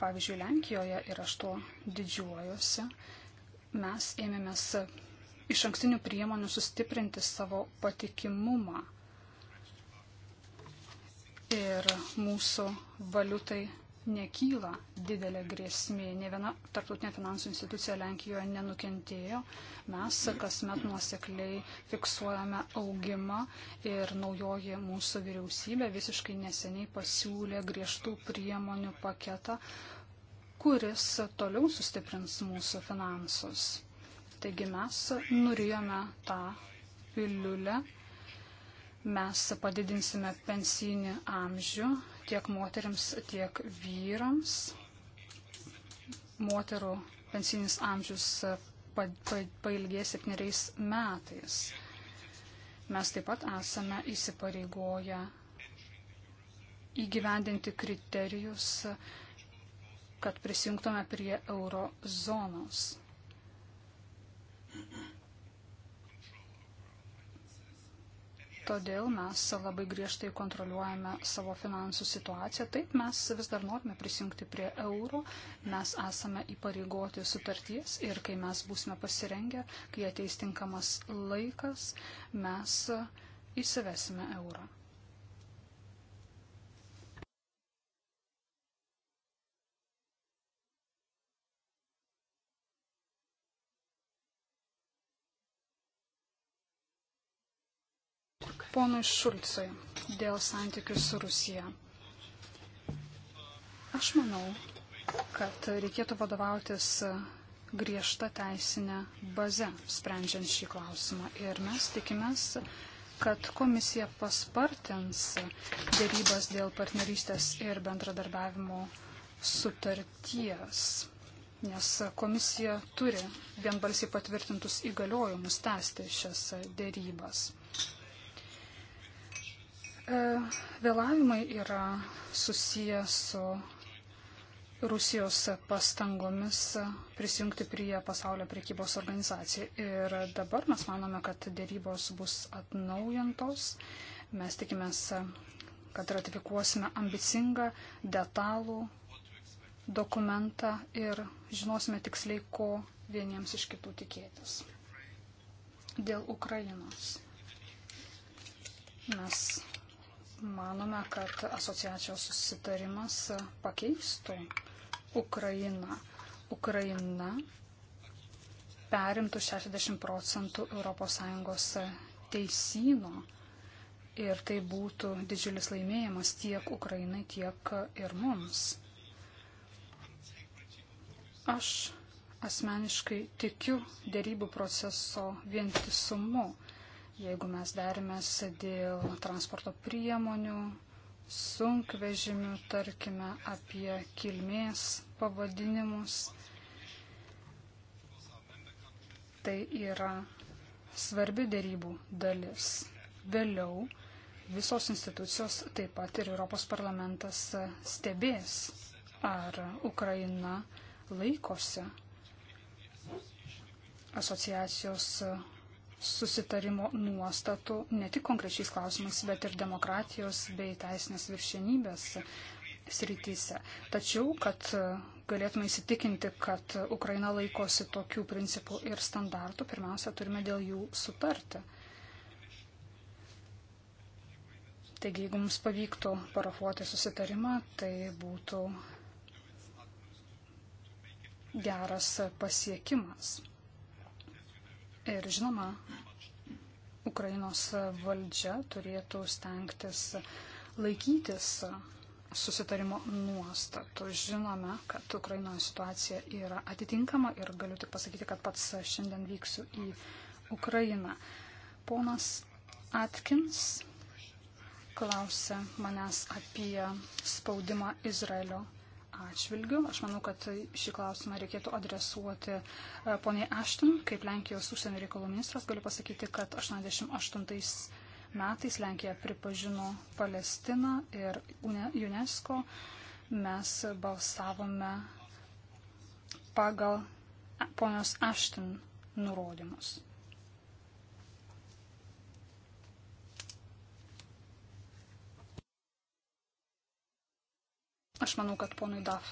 Pavyzdžiui, Lenkijoje ir aš tuo didžiuojuosi mes ėmėmės iš ankstinių priemonių sustiprinti savo patikimumą. Ir mūsų valiutai nekyla didelė grėsmė. Ne viena tarptautinė finansų institucija Lenkijoje nenukentėjo. Mes kasmet nuosekliai fiksuojame augimą ir naujoji mūsų vyriausybė visiškai neseniai pasiūlė griežtų priemonių paketą, kuris toliau sustiprins mūsų finansus. Taigi mes nurijome tą piliulę, mes padidinsime pensinį amžių tiek moteriams, tiek vyrams. Moterų pensinis amžius pailgės septyneriais metais. Mes taip pat esame įsipareigoję įgyvendinti kriterijus, kad prisijungtume prie euro zonos. Todėl mes labai griežtai kontroliuojame savo finansų situaciją. Taip, mes vis dar norime prisijungti prie euro, mes esame įpareigoti sutarties ir kai mes būsime pasirengę, kai ateis tinkamas laikas, mes įsivesime eurą. ponui Šulcui dėl santykių su Rusija. Aš manau, kad reikėtų vadovautis griežta teisinė baze, sprendžiant šį klausimą. Ir mes tikimės, kad komisija paspartins dėrybas dėl partnerystės ir bendradarbiavimo sutarties, nes komisija turi vienbalsiai patvirtintus įgaliojimus tęsti šias dėrybas. E, vėlavimai yra susiję su Rusijos pastangomis prisijungti prie pasaulio priekybos organizacijų. Ir dabar mes manome, kad dėrybos bus atnaujantos. Mes tikimės, kad ratifikuosime ambicingą, detalų dokumentą ir žinosime tiksliai, ko vieniems iš kitų tikėtis. Dėl Ukrainos. Mes manome, kad asociacijos susitarimas pakeistų Ukrainą. Ukraina perimtų 60 procentų ES teisino ir tai būtų didžiulis laimėjimas tiek Ukrainai, tiek ir mums. Aš asmeniškai tikiu dėrybų proceso vientisumu jeigu mes derimės dėl transporto priemonių, sunkvežimių, tarkime, apie kilmės pavadinimus. Tai yra svarbi dėrybų dalis. Vėliau visos institucijos, taip pat ir Europos parlamentas stebės, ar Ukraina laikosi asociacijos susitarimo nuostatų ne tik konkrečiais klausimais, bet ir demokratijos bei teisinės viršenybės srityse. Tačiau, kad galėtume įsitikinti, kad Ukraina laikosi tokių principų ir standartų, pirmiausia, turime dėl jų sutarti. Taigi, jeigu mums pavyktų parafuoti susitarimą, tai būtų geras pasiekimas. Ir žinoma, Ukrainos valdžia turėtų stengtis laikytis susitarimo nuostatų. Žinome, kad Ukrainoje situacija yra atitinkama ir galiu tik pasakyti, kad pats šiandien vyksiu į Ukrainą. Ponas Atkins klausė manęs apie spaudimą Izraelio atšvilgių. Aš manau, kad šį klausimą reikėtų adresuoti e, poniai Ashton. Kaip Lenkijos užsienio reikalų ministras galiu pasakyti, kad 88 metais Lenkija pripažino Palestiną ir UNESCO. Mes balsavome pagal ponios Ashton nurodymus. Aš manau, kad ponui DAF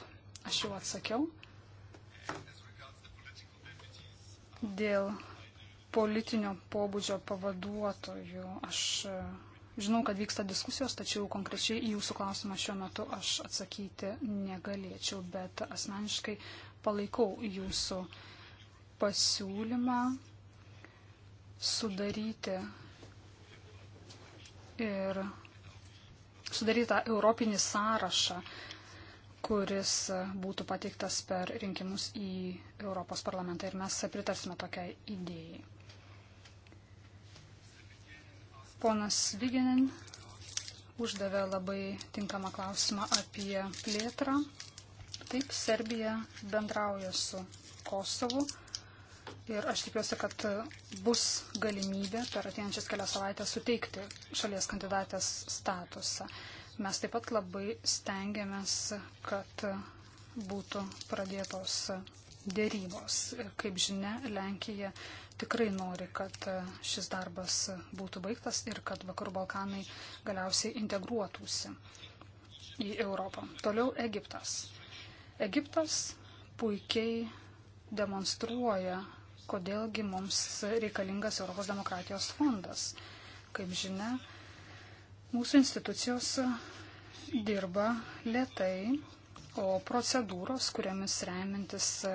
aš jau atsakiau. Dėl politinio pobūdžio pavaduotojų aš e, žinau, kad vyksta diskusijos, tačiau konkrečiai į jūsų klausimą šiuo metu aš atsakyti negalėčiau, bet asmeniškai palaikau jūsų pasiūlymą sudaryti ir sudarytą europinį sąrašą kuris būtų pateiktas per rinkimus į Europos parlamentą ir mes pritarsime tokiai idėjai. Ponas Vigenin uždavė labai tinkamą klausimą apie plėtrą. Taip, Serbija bendrauja su Kosovu ir aš tikiuosi, kad bus galimybė per ateinančias kelias savaitės suteikti šalies kandidatės statusą. Mes taip pat labai stengiamės, kad būtų pradėtos dėrybos. Kaip žinia, Lenkija tikrai nori, kad šis darbas būtų baigtas ir kad Vakarų Balkanai galiausiai integruotųsi į Europą. Toliau Egiptas. Egiptas puikiai demonstruoja, kodėlgi mums reikalingas Europos demokratijos fondas. Kaip žinia, Mūsų institucijos e, dirba lietai, o procedūros, kuriamis remintis e,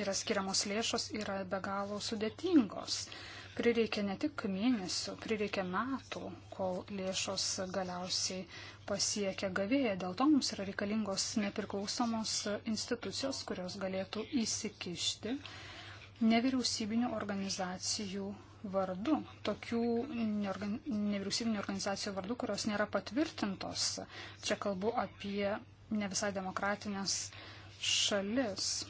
yra skiriamos lėšos, yra be galo sudėtingos. Prireikia ne tik mėnesių, prireikia metų, kol lėšos galiausiai pasiekia gavėją. Dėl to mums yra reikalingos nepriklausomos institucijos, kurios galėtų įsikišti nevyriausybinių organizacijų vardu, tokių nevyriausybinio organizacijų vardu, kurios nėra patvirtintos. Čia kalbu apie ne visai demokratinės šalis.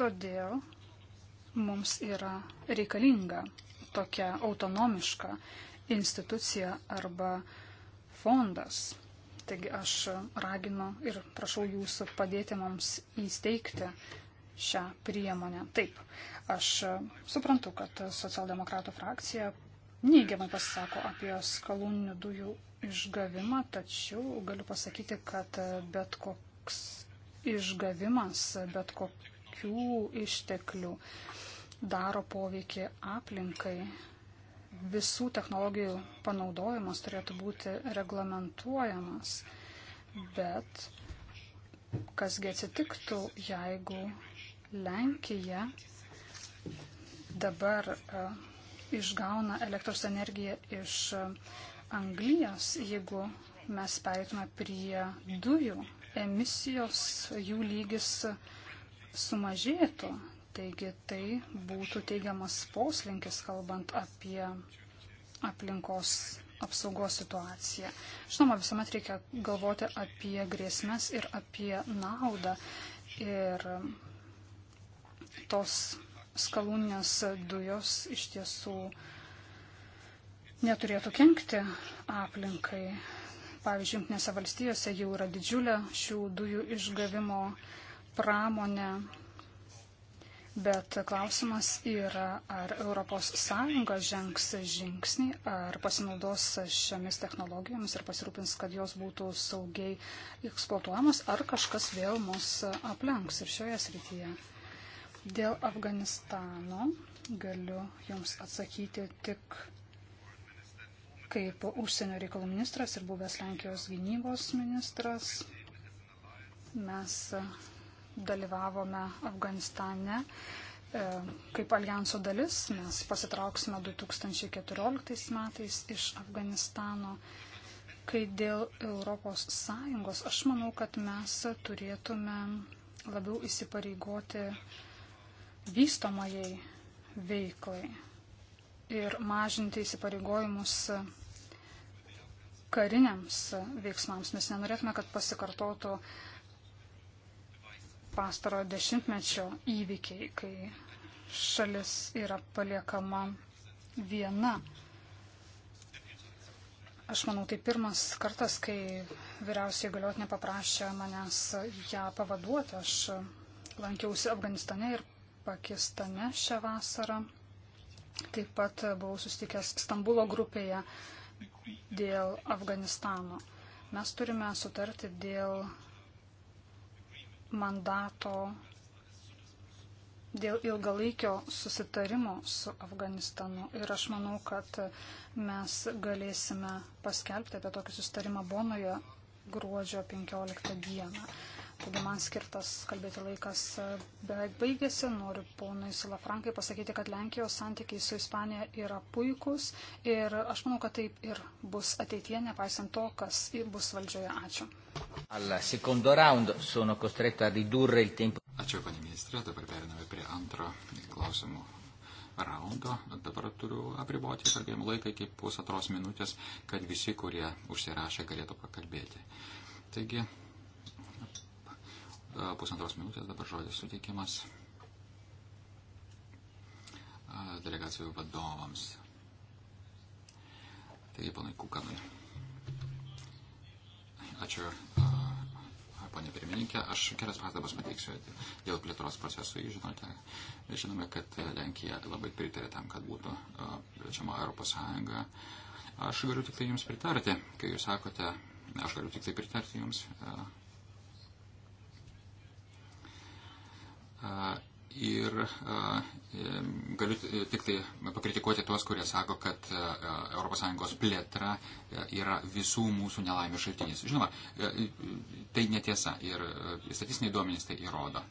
Todėl mums yra reikalinga tokia autonomiška institucija arba fondas. Taigi aš raginu ir prašau jūsų padėti mums įsteigti šią priemonę. Taip, aš suprantu, kad socialdemokratų frakcija neigiamai pasisako apie skalūninių dujų išgavimą, tačiau galiu pasakyti, kad bet koks išgavimas, bet kokių išteklių daro poveikį aplinkai visų technologijų panaudojimas turėtų būti reglamentuojamas, bet kasgi atsitiktų, jeigu Lenkija dabar e, išgauna elektros energiją iš e, anglijas, jeigu mes pereitume prie dujų, emisijos jų lygis sumažėtų, Taigi tai būtų teigiamas poslinkis, kalbant apie aplinkos apsaugos situaciją. Žinoma, visuomet reikia galvoti apie grėsmės ir apie naudą. Ir tos skalūninės dujos iš tiesų neturėtų kenkti aplinkai. Pavyzdžiui, Junktinėse valstijose jau yra didžiulė šių dujų išgavimo pramonė Bet klausimas yra, ar ES žengs žingsnį, ar pasinaudos šiomis technologijomis ir pasirūpins, kad jos būtų saugiai eksploatuojamos, ar kažkas vėl mus aplenks ir šioje srityje. Dėl Afganistano galiu Jums atsakyti tik kaip užsienio reikalų ministras ir buvęs Lenkijos gynybos ministras. Mes dalyvavome Afganistane e, kaip alijanso dalis. Mes pasitrauksime 2014 metais iš Afganistano. Kai dėl ES, aš manau, kad mes turėtume labiau įsipareigoti vystomajai veiklai ir mažinti įsipareigojimus kariniams veiksmams. Mes nenorėtume, kad pasikartotų uh, pastarojo dešimtmečio įvykiai, kai šalis yra paliekama viena. Aš manau, tai pirmas kartas, kai vyriausiai galiotinė paprašė manęs ją pavaduoti. Aš lankiausi Afganistane ir Pakistane šią vasarą. Taip pat buvau susitikęs Stambulo grupėje dėl Afganistano. Mes turime sutarti dėl mandato dėl ilgalaikio susitarimo su Afganistanu. Ir aš manau, kad mes galėsime paskelbti apie tokį susitarimą Bonoje gruodžio 15 dieną. Taigi man skirtas kalbėti laikas e, beveik baigėsi. Noriu ponui Silafrankai pasakyti, kad Lenkijos santykiai su Ispanija yra puikus ir aš manau, kad taip ir bus ateitie, nepaisant to, kas bus valdžioje. Ačiū. Ačiū, panė ministrė, dabar periname prie antro klausimų raundo. Dabar turiu apriboti kalbėjimo laiką iki pusantros minutės, kad visi, kurie užsirašė, galėtų pakalbėti. Taigi, pusantros minutės dabar žodis suteikimas delegacijų vadovams. Taigi, panai Kukanai. Ačiū, panė pirmininkė. Aš kelias pastabas pateiksiu dėl plėtros procesų. Žinote, žinome, kad Lenkija labai pritarė tam, kad būtų plečiama Europos Sąjunga. Aš galiu tik tai jums pritarti, kai jūs sakote, aš galiu tik tai pritarti jums. A, Ir e, galiu e, tik tai pakritikuoti tuos, kurie sako, kad ES e, plėtra yra visų mūsų nelaimės šaltinis. Žinoma, tai netiesa ir statistiniai duomenys tai įrodo.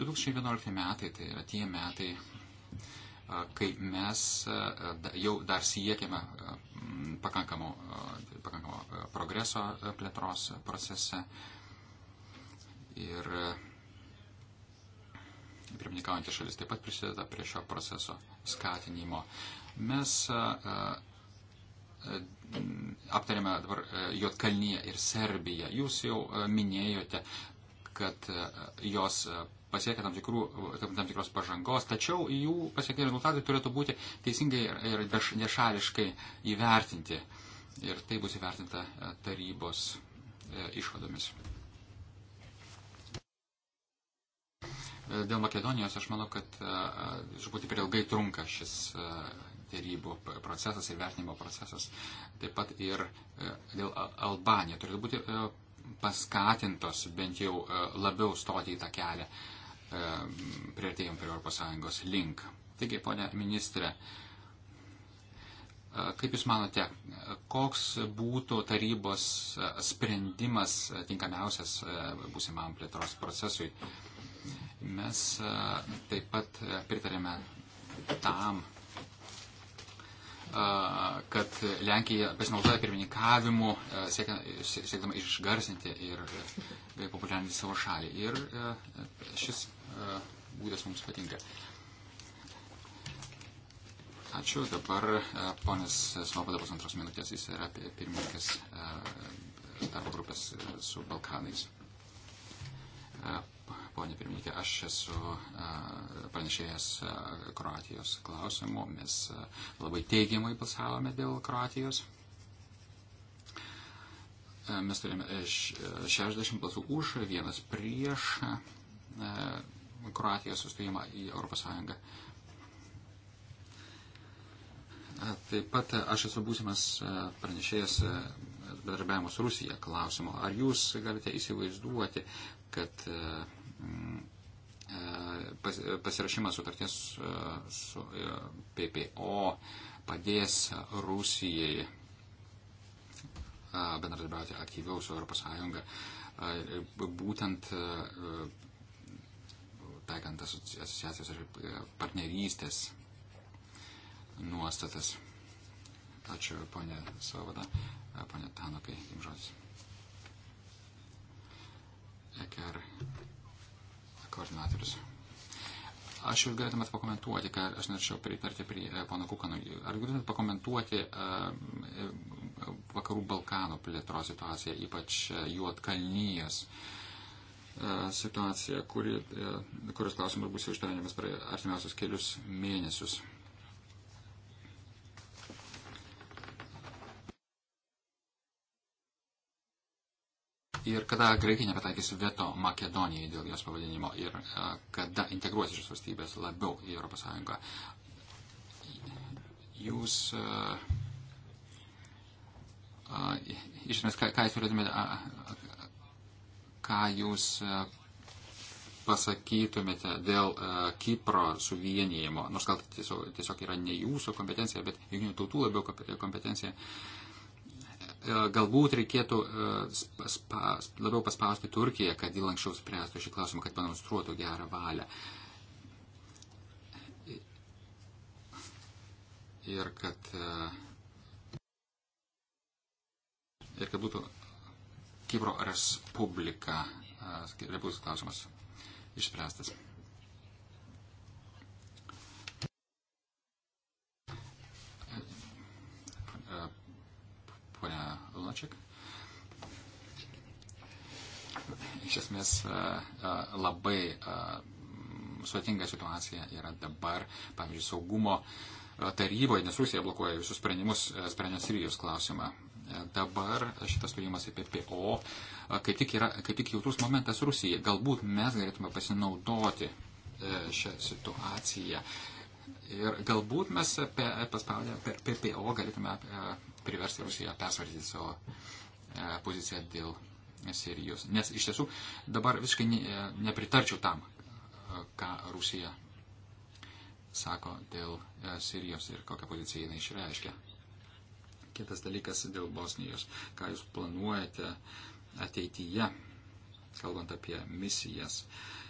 2011 metai tai yra tie metai, kai mes jau dar siekiame pakankamo, pakankamo progreso plėtros procese. Ir pirmininkaujantys šalis taip pat prisideda prie šio proceso skatinimo. Mes aptarėme dabar Jotkalnyje ir Serbiją. Jūs jau minėjote, kad jos pasiekė tam, tikrų, tam tikros pažangos, tačiau jų pasiekti rezultatai turėtų būti teisingai ir nešališkai įvertinti. Ir tai bus įvertinta tarybos išvadomis. E, dėl Makedonijos aš manau, kad žbūti e, e, per ilgai trunka šis dėrybų procesas ir vertinimo procesas. Taip pat ir dėl Albanija turėtų būti paskatintos bent jau labiau stoti į tą kelią prieartėjom prie ES link. Taigi, ponė ministrė, kaip Jūs manote, koks būtų tarybos sprendimas tinkamiausias būsimam plėtros procesui? Mes e, taip pat e, pritarėme tam, e, kad Lenkija pasinaudoja pirmininkavimu, siekdama išgarsinti ir populiarinti savo šalį. Ir šis būdas mums patinka. Ačiū. Dabar ponas Svoboda pusantros minutės, jis yra pirmininkas darbo grupės su Balkanais ponė pirmininkė, aš esu pranešėjęs Kroatijos klausimų. Mes labai teigiamai balsavome dėl Kroatijos. Mes turime 60 e, e, balsų už, vienas prieš Kroatijos sustojimą į ES. Taip pat aš esu būsimas pranešėjas bendradarbiavimo su Rusija klausimo. Ar jūs galite įsivaizduoti, kad e, e, pasirašymas sutarties e, su PPO padės Rusijai bendradarbiauti aktyviau su ES, būtent taikant asociacijos ir partnerystės nuostatas. Ačiū, ponė Savada, ponė Tanukai, jums žodis. EKR koordinatorius. Aš jau galėtumėt pakomentuoti, ką aš norėčiau pritarti prie e, pono Kukanų. Ar galėtumėt pakomentuoti uh, vakarų Balkanų plėtros situaciją, ypač e, Juotkalnyjas uh, situaciją, kuri, uh, kuris klausimas bus išsprendžiamas per artimiausius kelius mėnesius. ir kada Graikija nepataikys veto Makedonijai dėl jos pavadinimo ir e, kada integruosis šios valstybės labiau į ES. Jūs e, iš esmės, ką, ką jūs turėtumėte, ką jūs e, pasakytumėte dėl Kipro suvienijimo, nors gal tiesiog, tiesiog yra ne jūsų kompetencija, bet jungtinių tautų labiau kompetencija. Uh, E, galbūt reikėtų e, spa, labiau paspausti Turkiją, kad jį lankščiau spręstų šį klausimą, kad pademonstruotų gerą valią. Ir kad, e, ir kad būtų Kipro Respublika, Republikos klausimas išspręstas. Lunaček. Iš esmės e, e, labai e, sudėtinga situacija yra dabar, pavyzdžiui, saugumo taryboje, nes Rusija blokuoja visus sprendimus, sprendžia Sirijos klausimą. Dabar šitas stojimas į PPO kaip tik, yra, kaip tik jautrus momentas Rusijai. Galbūt mes galėtume pasinaudoti šią situaciją Ir galbūt mes paspaudę per PPO galėtume e, priversti Rusiją persvarstyti savo e, poziciją dėl Sirijos. Nes iš tiesų dabar visiškai e, nepritarčiau tam, ką Rusija sako dėl Sirijos ir kokią poziciją jinai išreiškia. Kitas dalykas dėl Bosnijos. Ką jūs planuojate ateityje, kalbant apie misijas? Uh,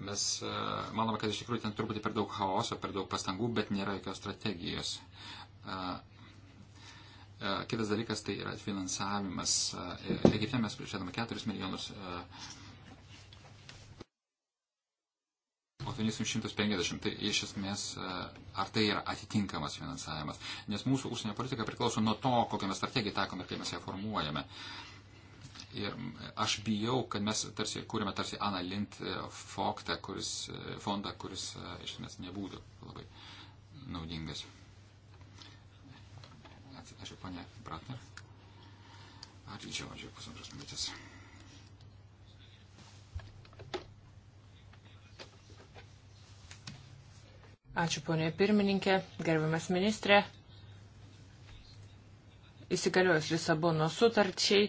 Mes e, manome, kad iš tikrųjų ten truputį per daug chaoso, per daug pastangų, bet nėra jokios strategijos. E, e, kitas dalykas tai yra finansavimas. Egipte mes priešėdame 4 milijonus. O 850, tai iš esmės, ar tai yra atitinkamas finansavimas, nes mūsų užsienio politika priklauso nuo to, kokią mes strategiją taikome ir kaip mes ją formuojame. Uh, Ir aš bijau, kad mes tarsi kūrėme tarsi Analint e, foktą, kuris, e, fondą, kuris e, iš esmės nebūtų labai naudingas. Ačiū, ponė Bratner. Ačiū, Džiaudžiu, pusantros minutės. Ačiū, ponė pirmininkė, gerbiamas ministrė. Įsigaliojus Lisabono sutarčiai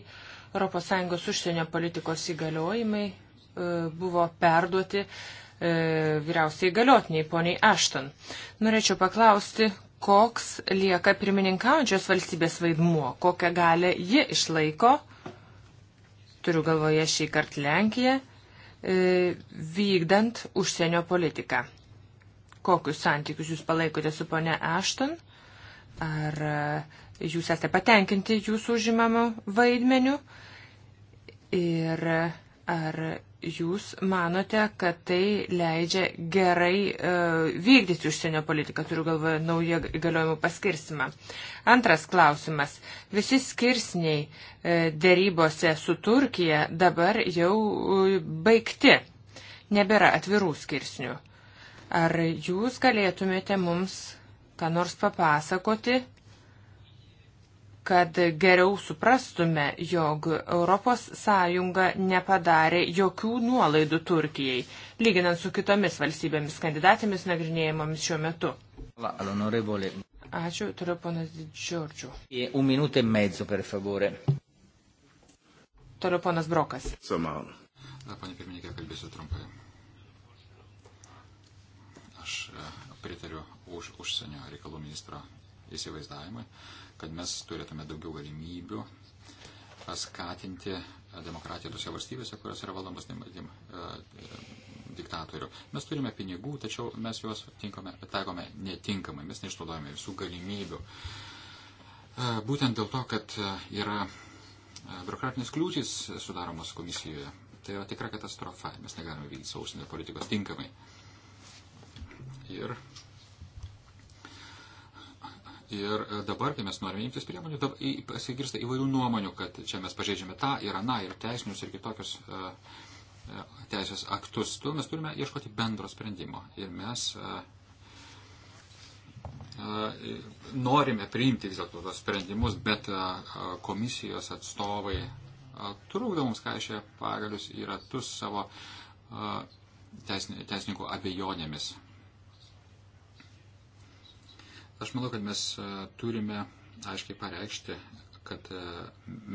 ES užsienio politikos įgaliojimai e, buvo perduoti e, vyriausiai galiotiniai poniai Ashton. Norėčiau paklausti, koks lieka pirmininkaujančios valstybės vaidmuo, kokią galę ji išlaiko, turiu galvoje šį kartą Lenkiją, e, vykdant užsienio politiką. Kokius santykius jūs palaikote su ponia Ashton? Ar Jūs esate patenkinti jūsų užimamu vaidmeniu ir ar jūs manote, kad tai leidžia gerai uh, vykdyti užsienio politiką, turiu galvoje naują įgaliojimų paskirstimą. Antras klausimas. Visi skirsniai uh, dėrybose su Turkija dabar jau uh, baigti. Nebėra atvirų skirsnių. Ar jūs galėtumėte mums ką nors papasakoti kad geriau suprastume, jog ES nepadarė jokių nuolaidų Turkijai, lyginant su kitomis valstybėmis kandidatėmis nagrinėjimamis šiuo metu. Ačiū, turiu ponas Didžiordžių. E un minutę e mezzo, per favore. Toliau ponas Brokas. Samal. Na, panė pirmininkė, kalbėsiu trumpai. Aš e, pritariu už užsienio reikalų ministro įsivaizdavimui. Uh, kad mes turėtume daugiau galimybių skatinti demokratiją tose valstybėse, kurios yra valdomos e, diktatorių. Mes turime pinigų, tačiau mes juos tinkame, taikome netinkamai, mes neišnaudojame visų galimybių. E, būtent dėl to, kad yra e, biurokratinės kliūtis sudaromos komisijoje. Tai yra tikra katastrofa, mes negalime vykdyti savo užsienio politikos tinkamai. Ir Ir e, dabar, kai mes norime imtis priemonių, pasigirsta įvairių nuomonių, kad čia mes pažeidžiame tą ir aną ir teisinius ir kitokius e, e, teisės aktus. Todėl mes turime ieškoti bendro sprendimo. Ir mes norime priimti vis dėlto tos sprendimus, bet komisijos atstovai trukdo mums kaišė pagalius į ratus savo teisininkų abejonėmis. Aš manau, kad mes e, turime aiškiai pareikšti, kad e,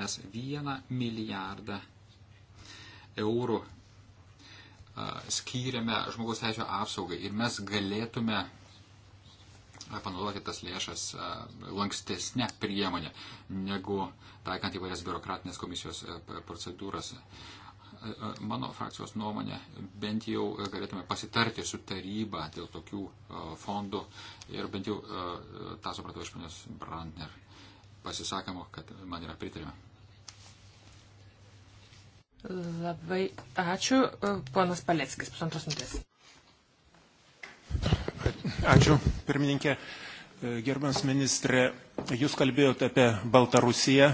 mes vieną milijardą eurų e, skyrėme žmogaus teisų apsaugai ir mes galėtume panaudoti tas lėšas lankstesnė priemonė, negu taikant įvairias biurokratinės komisijos procedūras. E, mano frakcijos nuomonė, bent jau galėtume pasitarti su taryba dėl tokių e, fondų ir bent jau e, tą supratau iš ponios Brandner pasisakymo, kad man yra pritarima. Labai ačiū, ponas Paleckis, pusantros minutės. Ačiū, pirmininkė. Gerbams ministrė, jūs kalbėjote apie Baltarusiją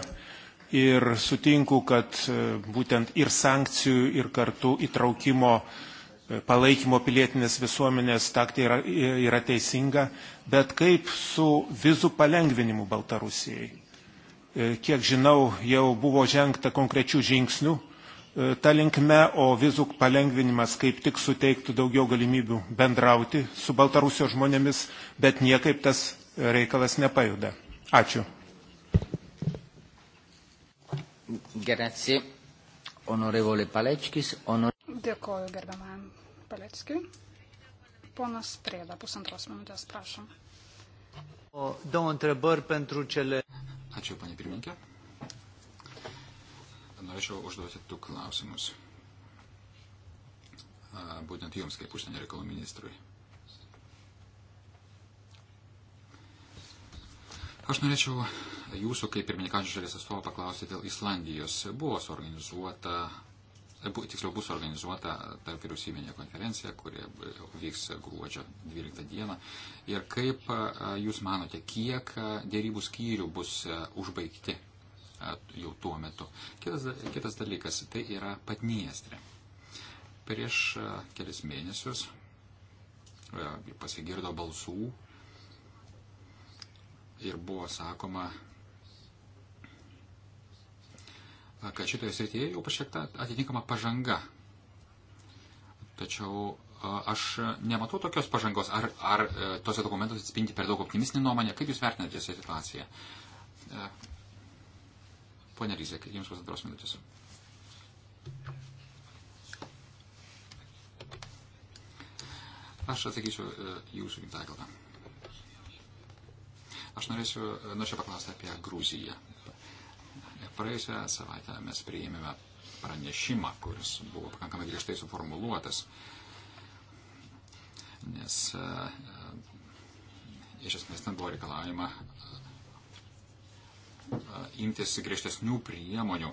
ir sutinku, kad e, būtent ir sankcijų, ir kartu įtraukimo e, palaikymo pilietinės visuomenės taktai yra, yra teisinga, bet kaip su vizų palengvinimu Baltarusijai. E, kiek žinau, jau buvo žengta konkrečių žingsnių ta linkme, o vizų palengvinimas kaip tik suteiktų daugiau galimybių bendrauti su Baltarusijos žmonėmis, bet niekaip tas reikalas nepajuda. Ačiū. Grazie, honorevole Paleckis. Honor... Dėkoju gerbiamajam Paleckiui. Ponas Prėda, pusantros minutės, prašom. O două întrebări pentru cele... Ačiū, panė pirmininkė. Norėčiau užduoti du klausimus. Būtent jums, kaip užsienio reikalų ministrui. Aš norėčiau jūsų kaip pirmininkančio šalies atstovo paklausti dėl Islandijos. Buvo suorganizuota, tiksliau bus organizuota tarp vyriausybinė konferencija, kuri vyks gruodžio 12 dieną. Ir kaip jūs manote, kiek dėrybų skyrių bus užbaigti jau tuo metu? Kitas, kitas dalykas, tai yra Patniestrė. Prieš kelis mėnesius pasigirdo balsų ir buvo sakoma, kad šitoje srityje jau pasiekta atitinkama pažanga. Tačiau aš nematau tokios pažangos, ar, ar e, tose dokumentuose atspindi per daug optimistinį nuomonę, kaip Jūs vertinate šią situaciją. E, pone Ryzė, Jums pusantros minutės. Aš atsakysiu e, Jūsų gimtąją kalbą. Aš norėsiu, e, norėčiau paklausti apie Gruziją. Praėjusią savaitę mes priėmėme pranešimą, kuris buvo pakankamai griežtai suformuluotas, nes e, e, iš esmės ten buvo reikalaujama imtis griežtesnių priemonių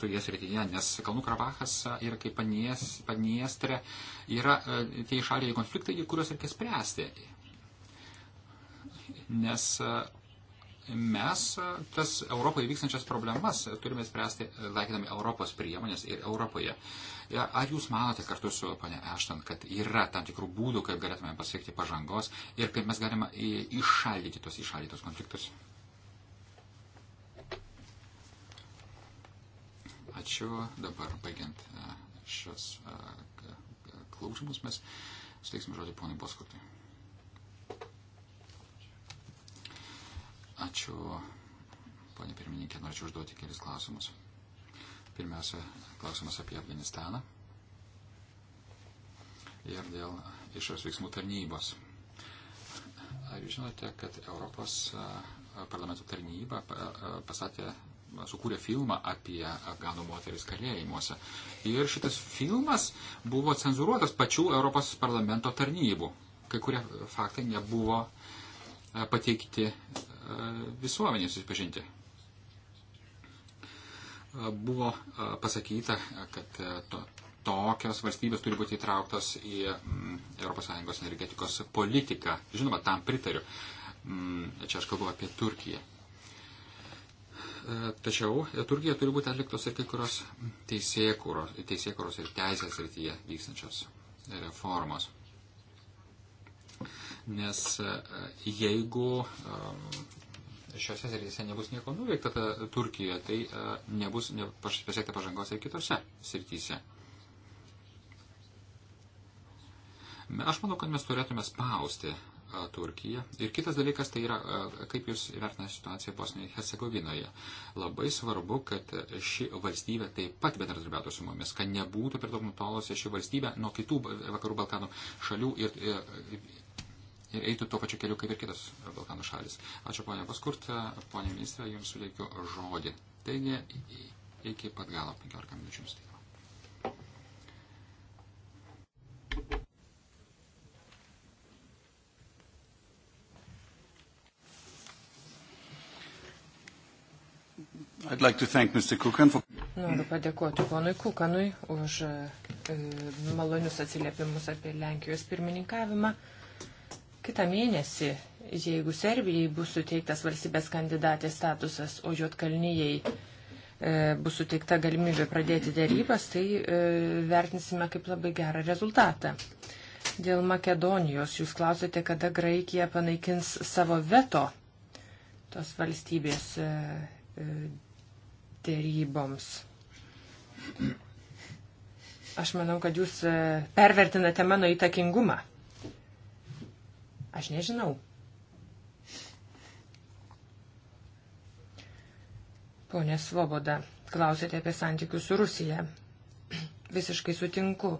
toje srityje, nes Kalnų Karabachas ir kaip Paniestrė yra tie išalėjai konfliktai, kuriuos reikia spręsti nes e, mes e, tas Europoje vykstančias problemas e, turime spręsti laikydami Europos priemonės ir Europoje. Ar jūs manote kartu su pane Ešton, kad yra tam tikrų būdų, kaip galėtume pasiekti pažangos ir kaip mes galime iššaldyti tos iššaldytos konfliktus? Ačiū. Dabar baigiant šios klausimus mes suteiksim žodį ponui Boskutui. Ačiū, ponė pirmininkė, norėčiau užduoti kelis klausimus. Pirmiausia, klausimas apie Afganistaną ir dėl išorės veiksmų tarnybos. Ar jūs žinote, kad Europos parlamento tarnyba pasatė, sukūrė filmą apie afganų moteris kalėjimuose. Ir šitas filmas buvo cenzuruotas pačių Europos parlamento tarnybų. Kai kurie faktai nebuvo pateikti visuomenė susipažinti. Buvo pasakyta, kad to, tokios valstybės turi būti įtrauktos į ES energetikos politiką. Žinoma, tam pritariu. Čia aš kalbu apie Turkiją. E, tačiau e, Turkija turi būti atliktos ir kai kurios teisėkuros, teisėkuros ir teisės rytyje vykstančios e, reformos. Nes jeigu šiuose srityse nebus nieko nuveikta ta, Turkijoje, tai a, e, nebus ne, paš, pasiekta pažangos ir kitose srityse. Aš manau, kad mes turėtume spausti a, e, Turkiją. Ir kitas dalykas tai yra, a, e, kaip jūs vertinate situaciją Bosnijoje ir Hercegovinoje. Labai svarbu, kad ši valstybė taip pat bendradarbiautų su mumis, kad nebūtų per daug nutolusi ši valstybė nuo kitų vakarų Balkanų šalių ir, ir ir eitų tuo pačiu keliu kaip ir kitos Balkanų šalis. Ačiū ponia Paskurt, ponia ministrė, jums suteikiu žodį. Taigi, iki pat galo 15 minučių jums teikiu. I'd like to thank Mr. Kukan for... Noriu padėkoti ponui Kukanui už e, malonius atsiliepimus apie Lenkijos pirmininkavimą. E, Kita mėnesį, jeigu Serbijai bus suteiktas valstybės kandidatės statusas, o Jotkalnyjei e, bus suteikta galimybė pradėti dėrybas, tai e, vertinsime kaip labai gerą rezultatą. Dėl Makedonijos jūs klausėte, kada Graikija panaikins savo veto tos valstybės e, e, dėryboms. Aš manau, kad jūs e, pervertinate mano įtakingumą. Aš nežinau. Pone Svoboda, klausėte apie santykius su Rusija. Visiškai sutinku.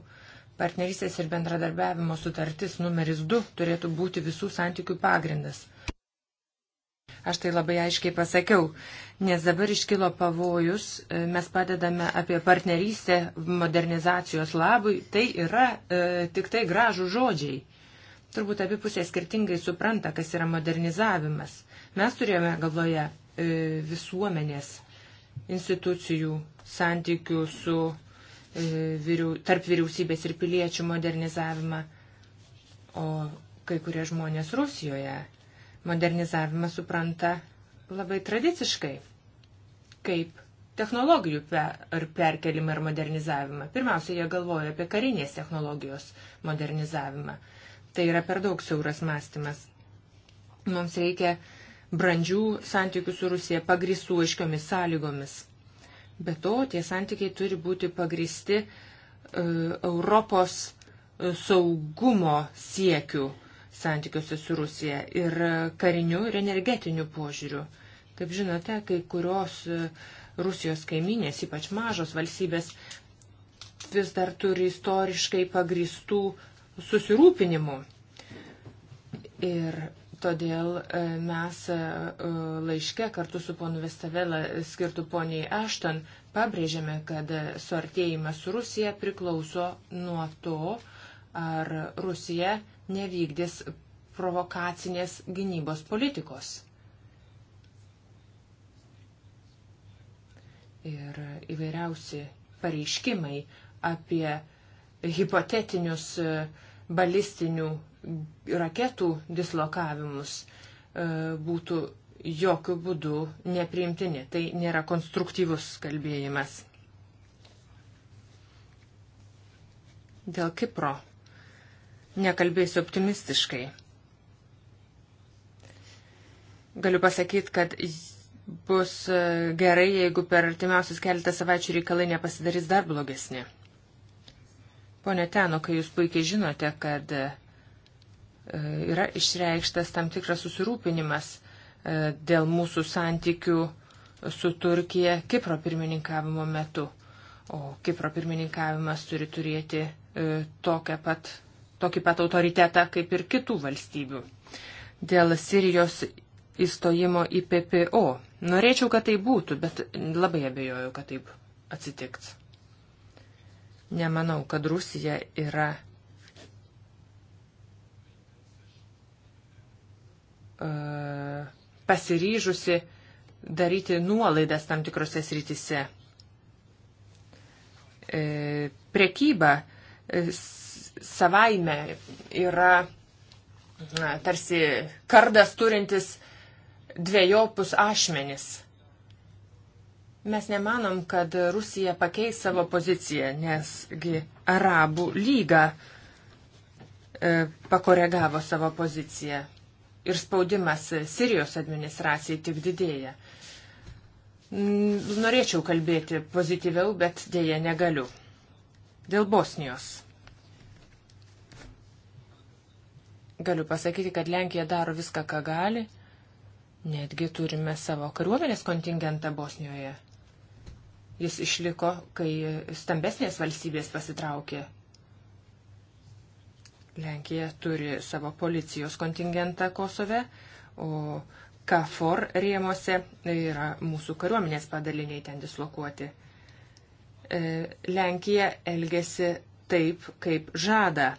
Partnerystės ir bendradarbiavimo sutartis numeris 2 turėtų būti visų santykių pagrindas. Aš tai labai aiškiai pasakiau, nes dabar iškilo pavojus, e, mes padedame apie partnerystę modernizacijos labui, tai yra e, tik tai gražų žodžiai. Turbūt abi pusės skirtingai supranta, kas yra modernizavimas. Mes turėjome galvoje e, visuomenės institucijų santykių su e, vyriau, tarp vyriausybės ir piliečių modernizavimą, o kai kurie žmonės Rusijoje modernizavimą supranta labai tradiciškai, kaip technologijų per, perkelimą ir modernizavimą. Pirmiausia, jie galvoja apie karinės technologijos modernizavimą. Tai yra per daug siauras mąstymas. Mums reikia brandžių santykių su Rusija, pagristų aiškiomis sąlygomis. Be to, tie santykiai turi būti pagristi e, Europos e, saugumo siekių santykiuose su Rusija ir e, kariniu ir energetiniu požiūriu. Kaip žinote, kai kurios e, Rusijos kaiminės, ypač mažos valstybės, vis dar turi istoriškai pagristų susirūpinimu. Ir todėl e, mes e, laiške kartu su ponu Vestavela skirtu poniai Ashton pabrėžėme, kad e, suartėjimas su Rusija priklauso nuo to, ar Rusija nevykdys provokacinės gynybos politikos. Ir įvairiausi pareiškimai apie hipotetinius uh, balistinių raketų dislokavimus e, būtų jokių būdų nepriimtini. Tai nėra konstruktyvus kalbėjimas. Dėl Kipro nekalbėsiu optimistiškai. Galiu pasakyti, kad bus e, gerai, jeigu per artimiausius keletą savaičių reikalai nepasidarys dar blogesni. Pone Teno, kai jūs puikiai žinote, kad e, yra išreikštas tam tikras susirūpinimas e, dėl mūsų santykių su Turkija Kipro pirmininkavimo metu. O Kipro pirmininkavimas turi turėti e, pat, tokį pat autoritetą kaip ir kitų valstybių. Dėl Sirijos įstojimo į PPO. Norėčiau, kad tai būtų, bet labai abejoju, kad taip atsitiks. Nemanau, kad Rusija yra e, pasiryžusi daryti nuolaidas tam tikrose srityse. E, prekyba e, savaime yra tarsi kardas turintis dviejopus ašmenis Mes nemanom, kad Rusija pakeis savo poziciją, nesgi Arabų lyga e, pakoregavo savo poziciją ir spaudimas Sirijos administracijai tik didėja. Norėčiau kalbėti pozityviau, bet dėje negaliu. Dėl Bosnijos. Galiu pasakyti, kad Lenkija daro viską, ką gali. Netgi turime savo kariuomenės kontingentą Bosnijoje. Jis išliko, kai stambesnės valstybės pasitraukė. Lenkija turi savo policijos kontingentą Kosove, o KFOR rėmose yra mūsų kariuomenės padaliniai ten dislokuoti. E, Lenkija elgesi taip, kaip žada.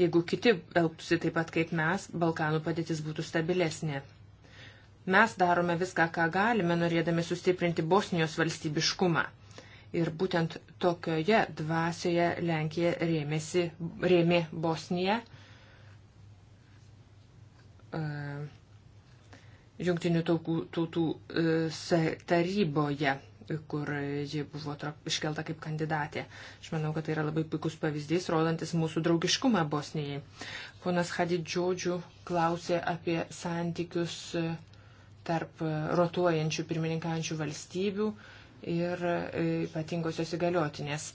Jeigu kiti elgtųsi taip pat kaip mes, Balkanų padėtis būtų stabilesnė. Mes darome viską, ką galime, norėdami sustiprinti Bosnijos valstybiškumą. Ir būtent tokioje dvasioje Lenkija rėmėsi, rėmė Bosniją. E, Jungtinių tautų, tautų e, taryboje kur ji buvo iškelta kaip kandidatė. Aš manau, kad tai yra labai puikus pavyzdys, rodantis mūsų draugiškumą Bosnijai. Ponas Hadidžiodžių klausė apie santykius e, tarp rotuojančių pirmininkaujančių valstybių ir e, ypatingosios įgaliotinės.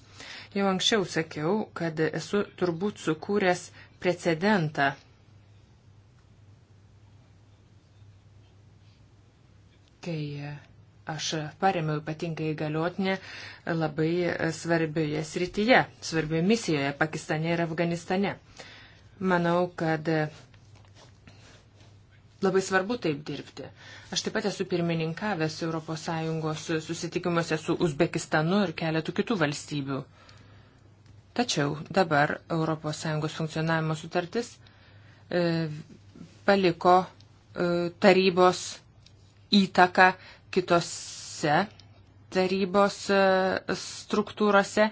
Jau anksčiau sakiau, kad esu turbūt sukūręs precedentą. Kai aš paremiau ypatingai įgaliotinę labai svarbioje srityje, svarbioje misijoje Pakistane ir Afganistane. Manau, kad Labai svarbu taip dirbti. Aš taip pat esu pirmininkavęs ES susitikimuose su Uzbekistanu ir keletu kitų valstybių. Tačiau dabar ES funkcionavimo sutartis e, paliko e, tarybos įtaką kitose tarybos e, struktūrose,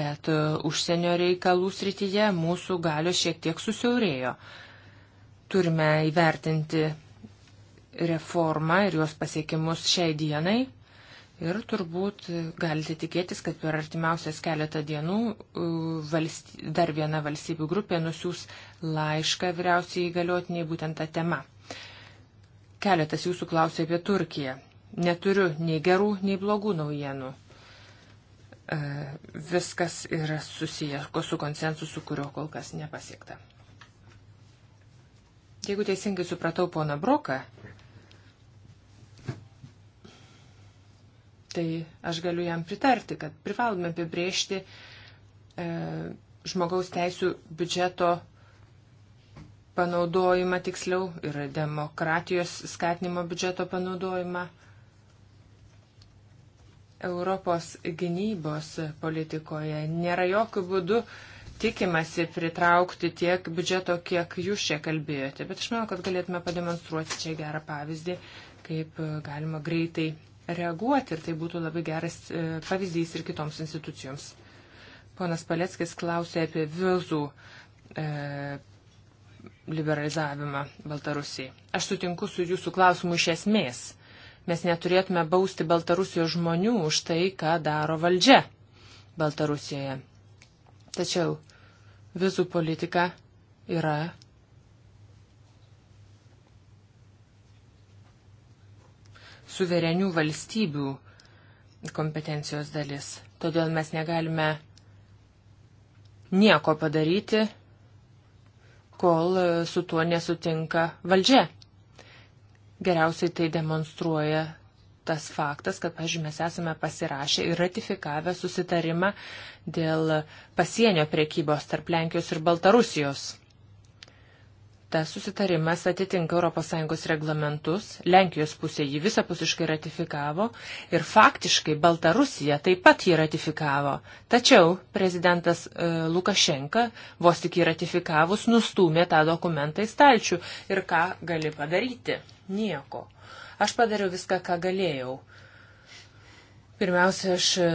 bet e, užsienio reikalų srityje mūsų galios šiek tiek susiaurėjo. E, Turime įvertinti reformą ir jos pasiekimus šiai dienai. Ir turbūt galite tikėtis, kad per artimiausias keletą dienų valsty, dar viena valstybių grupė nusiūs laišką vyriausiai įgaliotiniai būtent tą temą. Keletas jūsų klausė apie Turkiją. Neturiu nei gerų, nei blogų naujienų. E, viskas yra susijęs su konsensusu, kurio kol kas nepasiekta. Jeigu teisingai supratau poną Broką, tai aš galiu jam pritarti, kad privalome apibriežti e, žmogaus teisų biudžeto panaudojimą tiksliau ir demokratijos skatinimo biudžeto panaudojimą. Europos gynybos politikoje nėra jokių būdų e, tikimasi pritraukti tiek biudžeto, kiek jūs čia kalbėjote. Bet aš manau, kad galėtume pademonstruoti čia gerą pavyzdį, kaip e, galima greitai reaguoti ir tai būtų labai geras e, pavyzdys ir kitoms institucijoms. Ponas Paleckis klausė apie vizų e, liberalizavimą Baltarusijai. Aš sutinku su jūsų klausimu iš esmės. Mes neturėtume bausti Baltarusijos žmonių už tai, ką daro valdžia Baltarusijoje. Tačiau vizų politika yra suverenių valstybių kompetencijos dalis. Todėl mes negalime nieko padaryti, kol su tuo nesutinka valdžia. Geriausiai tai demonstruoja tas faktas, kad, pažiūrėjau, mes esame pasirašę ir ratifikavę susitarimą dėl pasienio priekybos tarp Lenkijos ir Baltarusijos. Tas susitarimas atitinka ES reglamentus, Lenkijos pusė jį visapusiškai ratifikavo ir faktiškai Baltarusija taip pat jį ratifikavo. Tačiau prezidentas e, Lukašenka vos tik jį ratifikavus nustūmė tą dokumentą į stalčių ir ką gali padaryti? Nieko. Aš padariau viską, ką galėjau. Pirmiausia, aš e,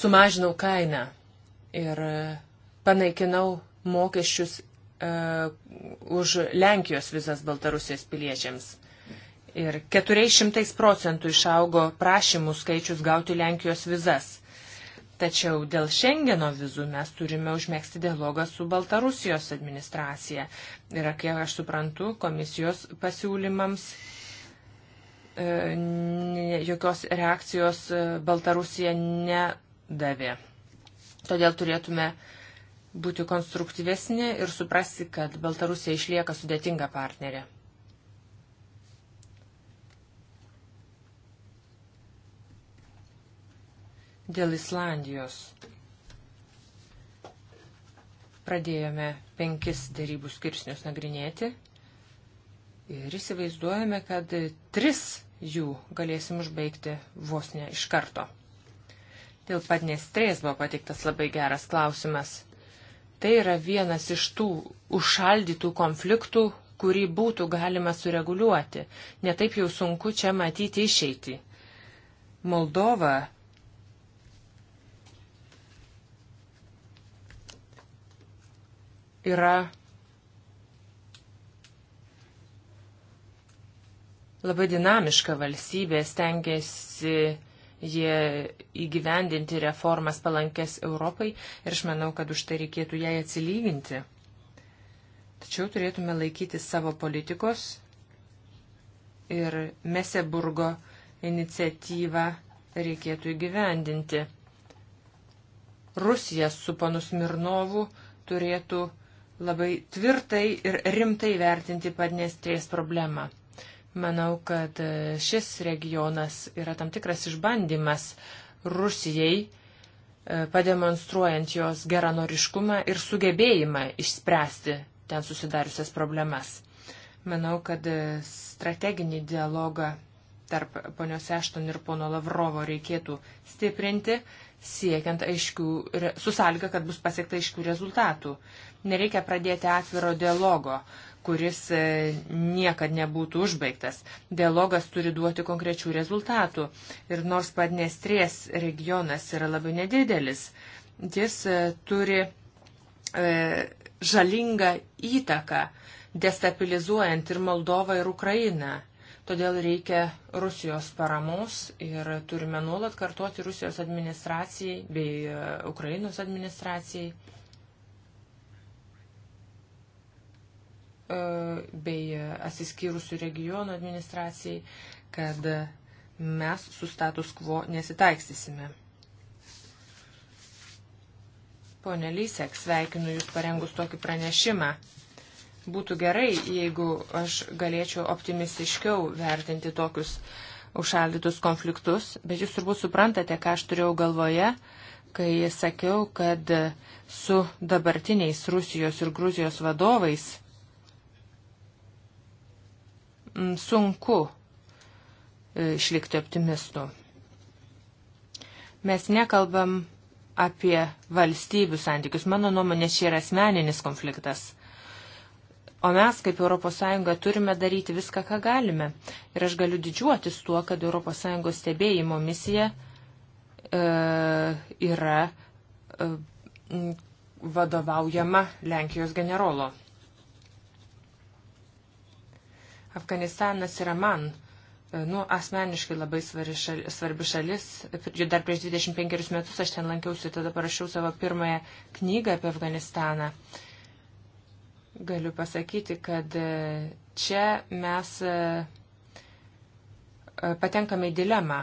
sumažinau kainą ir e, panaikinau mokesčius uh, už Lenkijos vizas Baltarusijos piliečiams. Ir 400 procentų išaugo prašymų skaičius gauti Lenkijos vizas. Tačiau dėl Šengeno vizų mes turime užmėgsti dialogą su Baltarusijos administracija. Ir, kiek aš suprantu, komisijos pasiūlymams E, jokios reakcijos e, Baltarusija nedavė. Todėl turėtume būti konstruktyvesni ir suprasti, kad Baltarusija išlieka sudėtinga partnerė. Dėl Islandijos pradėjome penkis dėrybų skirsnius nagrinėti ir įsivaizduojame, kad tris jų galėsim užbaigti vos ne iš karto. Dėl Padnestrės buvo patiktas labai geras klausimas. Tai yra vienas iš tų užšaldytų konfliktų, kurį būtų galima sureguliuoti. Netaip jau sunku čia matyti išeitį. Moldova yra labai dinamiška valstybė, stengiasi jie įgyvendinti reformas palankes Europai ir aš manau, kad už tai reikėtų jai atsilyginti. Tačiau turėtume laikytis savo politikos ir Meseburgo iniciatyvą reikėtų įgyvendinti. Rusija su panu Smirnovu turėtų labai tvirtai ir rimtai vertinti Padnestrės problemą. Manau, kad e, šis regionas yra tam tikras išbandymas Rusijai, e, pademonstruojant jos geranoriškumą ir sugebėjimą išspręsti ten susidariusias problemas. Manau, kad e, strateginį dialogą tarp ponios Ešton ir pono Lavrovo reikėtų stiprinti, siekiant aiškių, su sąlyga, kad bus pasiekta aiškių rezultatų. Nereikia pradėti atviro dialogo kuris e, niekad nebūtų užbaigtas. Dialogas turi duoti konkrečių rezultatų. Ir nors Padnestrės regionas yra labai nedidelis, jis e, turi e, žalingą įtaką, destabilizuojant ir Moldovą, ir Ukrainą. Todėl reikia Rusijos paramos ir turime nuolat kartuoti Rusijos administracijai bei Ukrainos administracijai E, bei atsiskyrusių regionų administracijai, kad mes su status quo nesitaiksysime. Pone Lysek, sveikinu Jūs parengus tokį pranešimą. Būtų gerai, jeigu aš galėčiau optimistiškiau vertinti tokius užšaldytus konfliktus, bet Jūs turbūt suprantate, ką aš turėjau galvoje, kai sakiau, kad su dabartiniais Rusijos ir Gruzijos vadovais Mm, sunku e, išlikti optimistu. Mes nekalbam apie valstybių santykius. Mano nuomonė, čia yra asmeninis konfliktas. O mes, kaip ES, turime daryti viską, ką galime. Ir aš galiu didžiuotis tuo, kad ES stebėjimo misija e, yra e, vadovaujama Lenkijos generolo. Afganistanas yra man, e, nu, asmeniškai labai šal, svarbi šalis. Dar prieš 25 metus aš ten lankiausi, tada parašiau savo pirmąją knygą apie Afganistaną. Galiu pasakyti, kad e, čia mes e, patenkame į dilemą.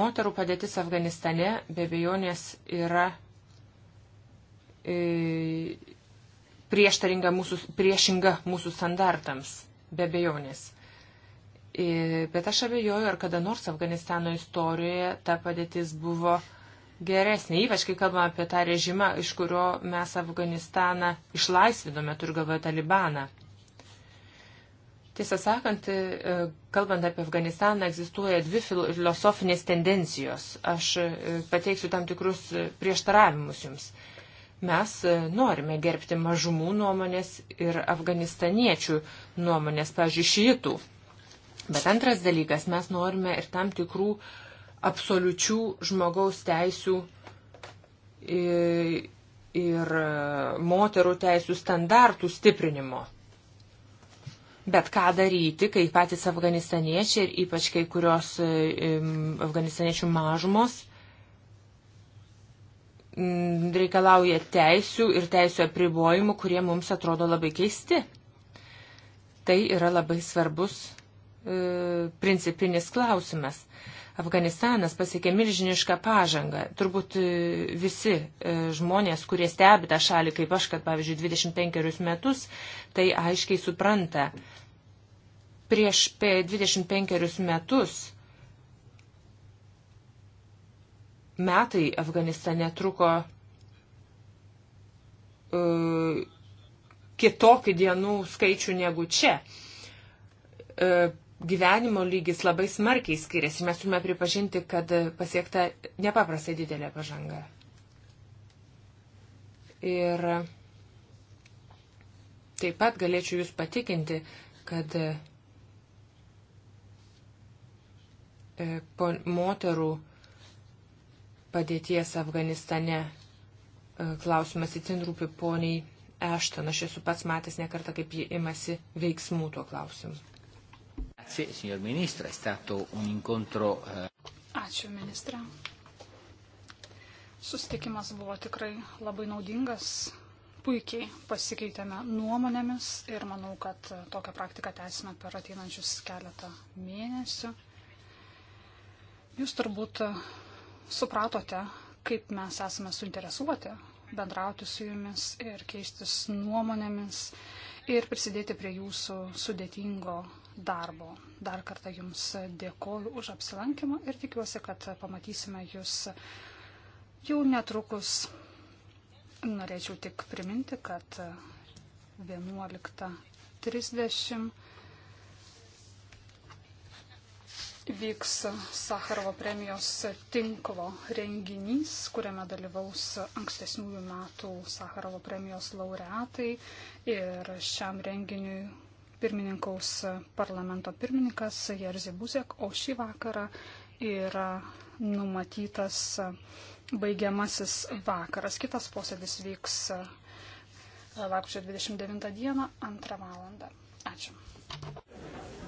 Moterų padėtis Afganistane be bejonės yra prieštaringa mūsų, priešinga mūsų standartams be bejonės. Bet aš abejoju, ar kada nors Afganistano istorijoje ta padėtis buvo geresnė, ypač kai kalbame apie tą režimą, iš kurio mes Afganistaną išlaisvidome, turiu galvoje Talibaną. Tiesą sakant, e, kalbant apie Afganistaną, egzistuoja dvi filosofinės tendencijos. Aš e, pateiksiu tam tikrus e, prieštaravimus jums. Mes e, norime gerbti mažumų nuomonės ir afganistaniečių nuomonės, pažiūrėjau, šitų. Bet antras dalykas, mes norime ir tam tikrų absoliučių žmogaus teisių ir e, moterų teisų standartų stiprinimo. Bet ką daryti, kai patys afganistaniečiai ir ypač kai kurios e, afganistaniečių mažumos Mm, reikalauja teisių ir teisų apribojimų, kurie mums atrodo labai keisti. Tai yra labai svarbus e, principinis klausimas. Afganistanas pasiekė milžinišką pažangą. Turbūt e, visi e, žmonės, kurie stebi tą šalį, kaip aš, kad pavyzdžiui 25 metus, tai aiškiai supranta. Prieš 25 metus metai Afganistane truko uh, e, kitokį dienų skaičių negu čia. Uh, gyvenimo lygis labai smarkiai skiriasi. Mes turime pripažinti, kad pasiekta nepaprastai didelė pažanga. Ir taip pat galėčiau Jūs patikinti, kad e, moterų padėties Afganistane e, klausimas įtin rūpi poniai Ešton. Aš esu pats matęs nekartą, kaip ji imasi veiksmų tuo klausimu. Eh, Ačiū, ministra. Sustikimas buvo tikrai labai naudingas. Puikiai pasikeitėme nuomonėmis ir manau, kad tokią praktiką tęsime per ateinančius keletą mėnesių. Jūs turbūt supratote, kaip mes esame suinteresuoti bendrauti su jumis ir keistis nuomonėmis ir prisidėti prie jūsų sudėtingo darbo. Dar kartą jums dėkoju už apsilankymą ir tikiuosi, kad pamatysime jūs jau netrukus. Norėčiau tik priminti, kad 11.30 vyks Sakarovo premijos tinklo renginys, kuriame dalyvaus ankstesniųjų metų Sakarovo premijos laureatai ir šiam renginiui pirmininkaus parlamento pirmininkas Jerzy Buzek, o šį vakarą yra numatytas baigiamasis vakaras. Kitas posėdis vyks lapkričio 29 dieną, 2 valandą. Ačiū.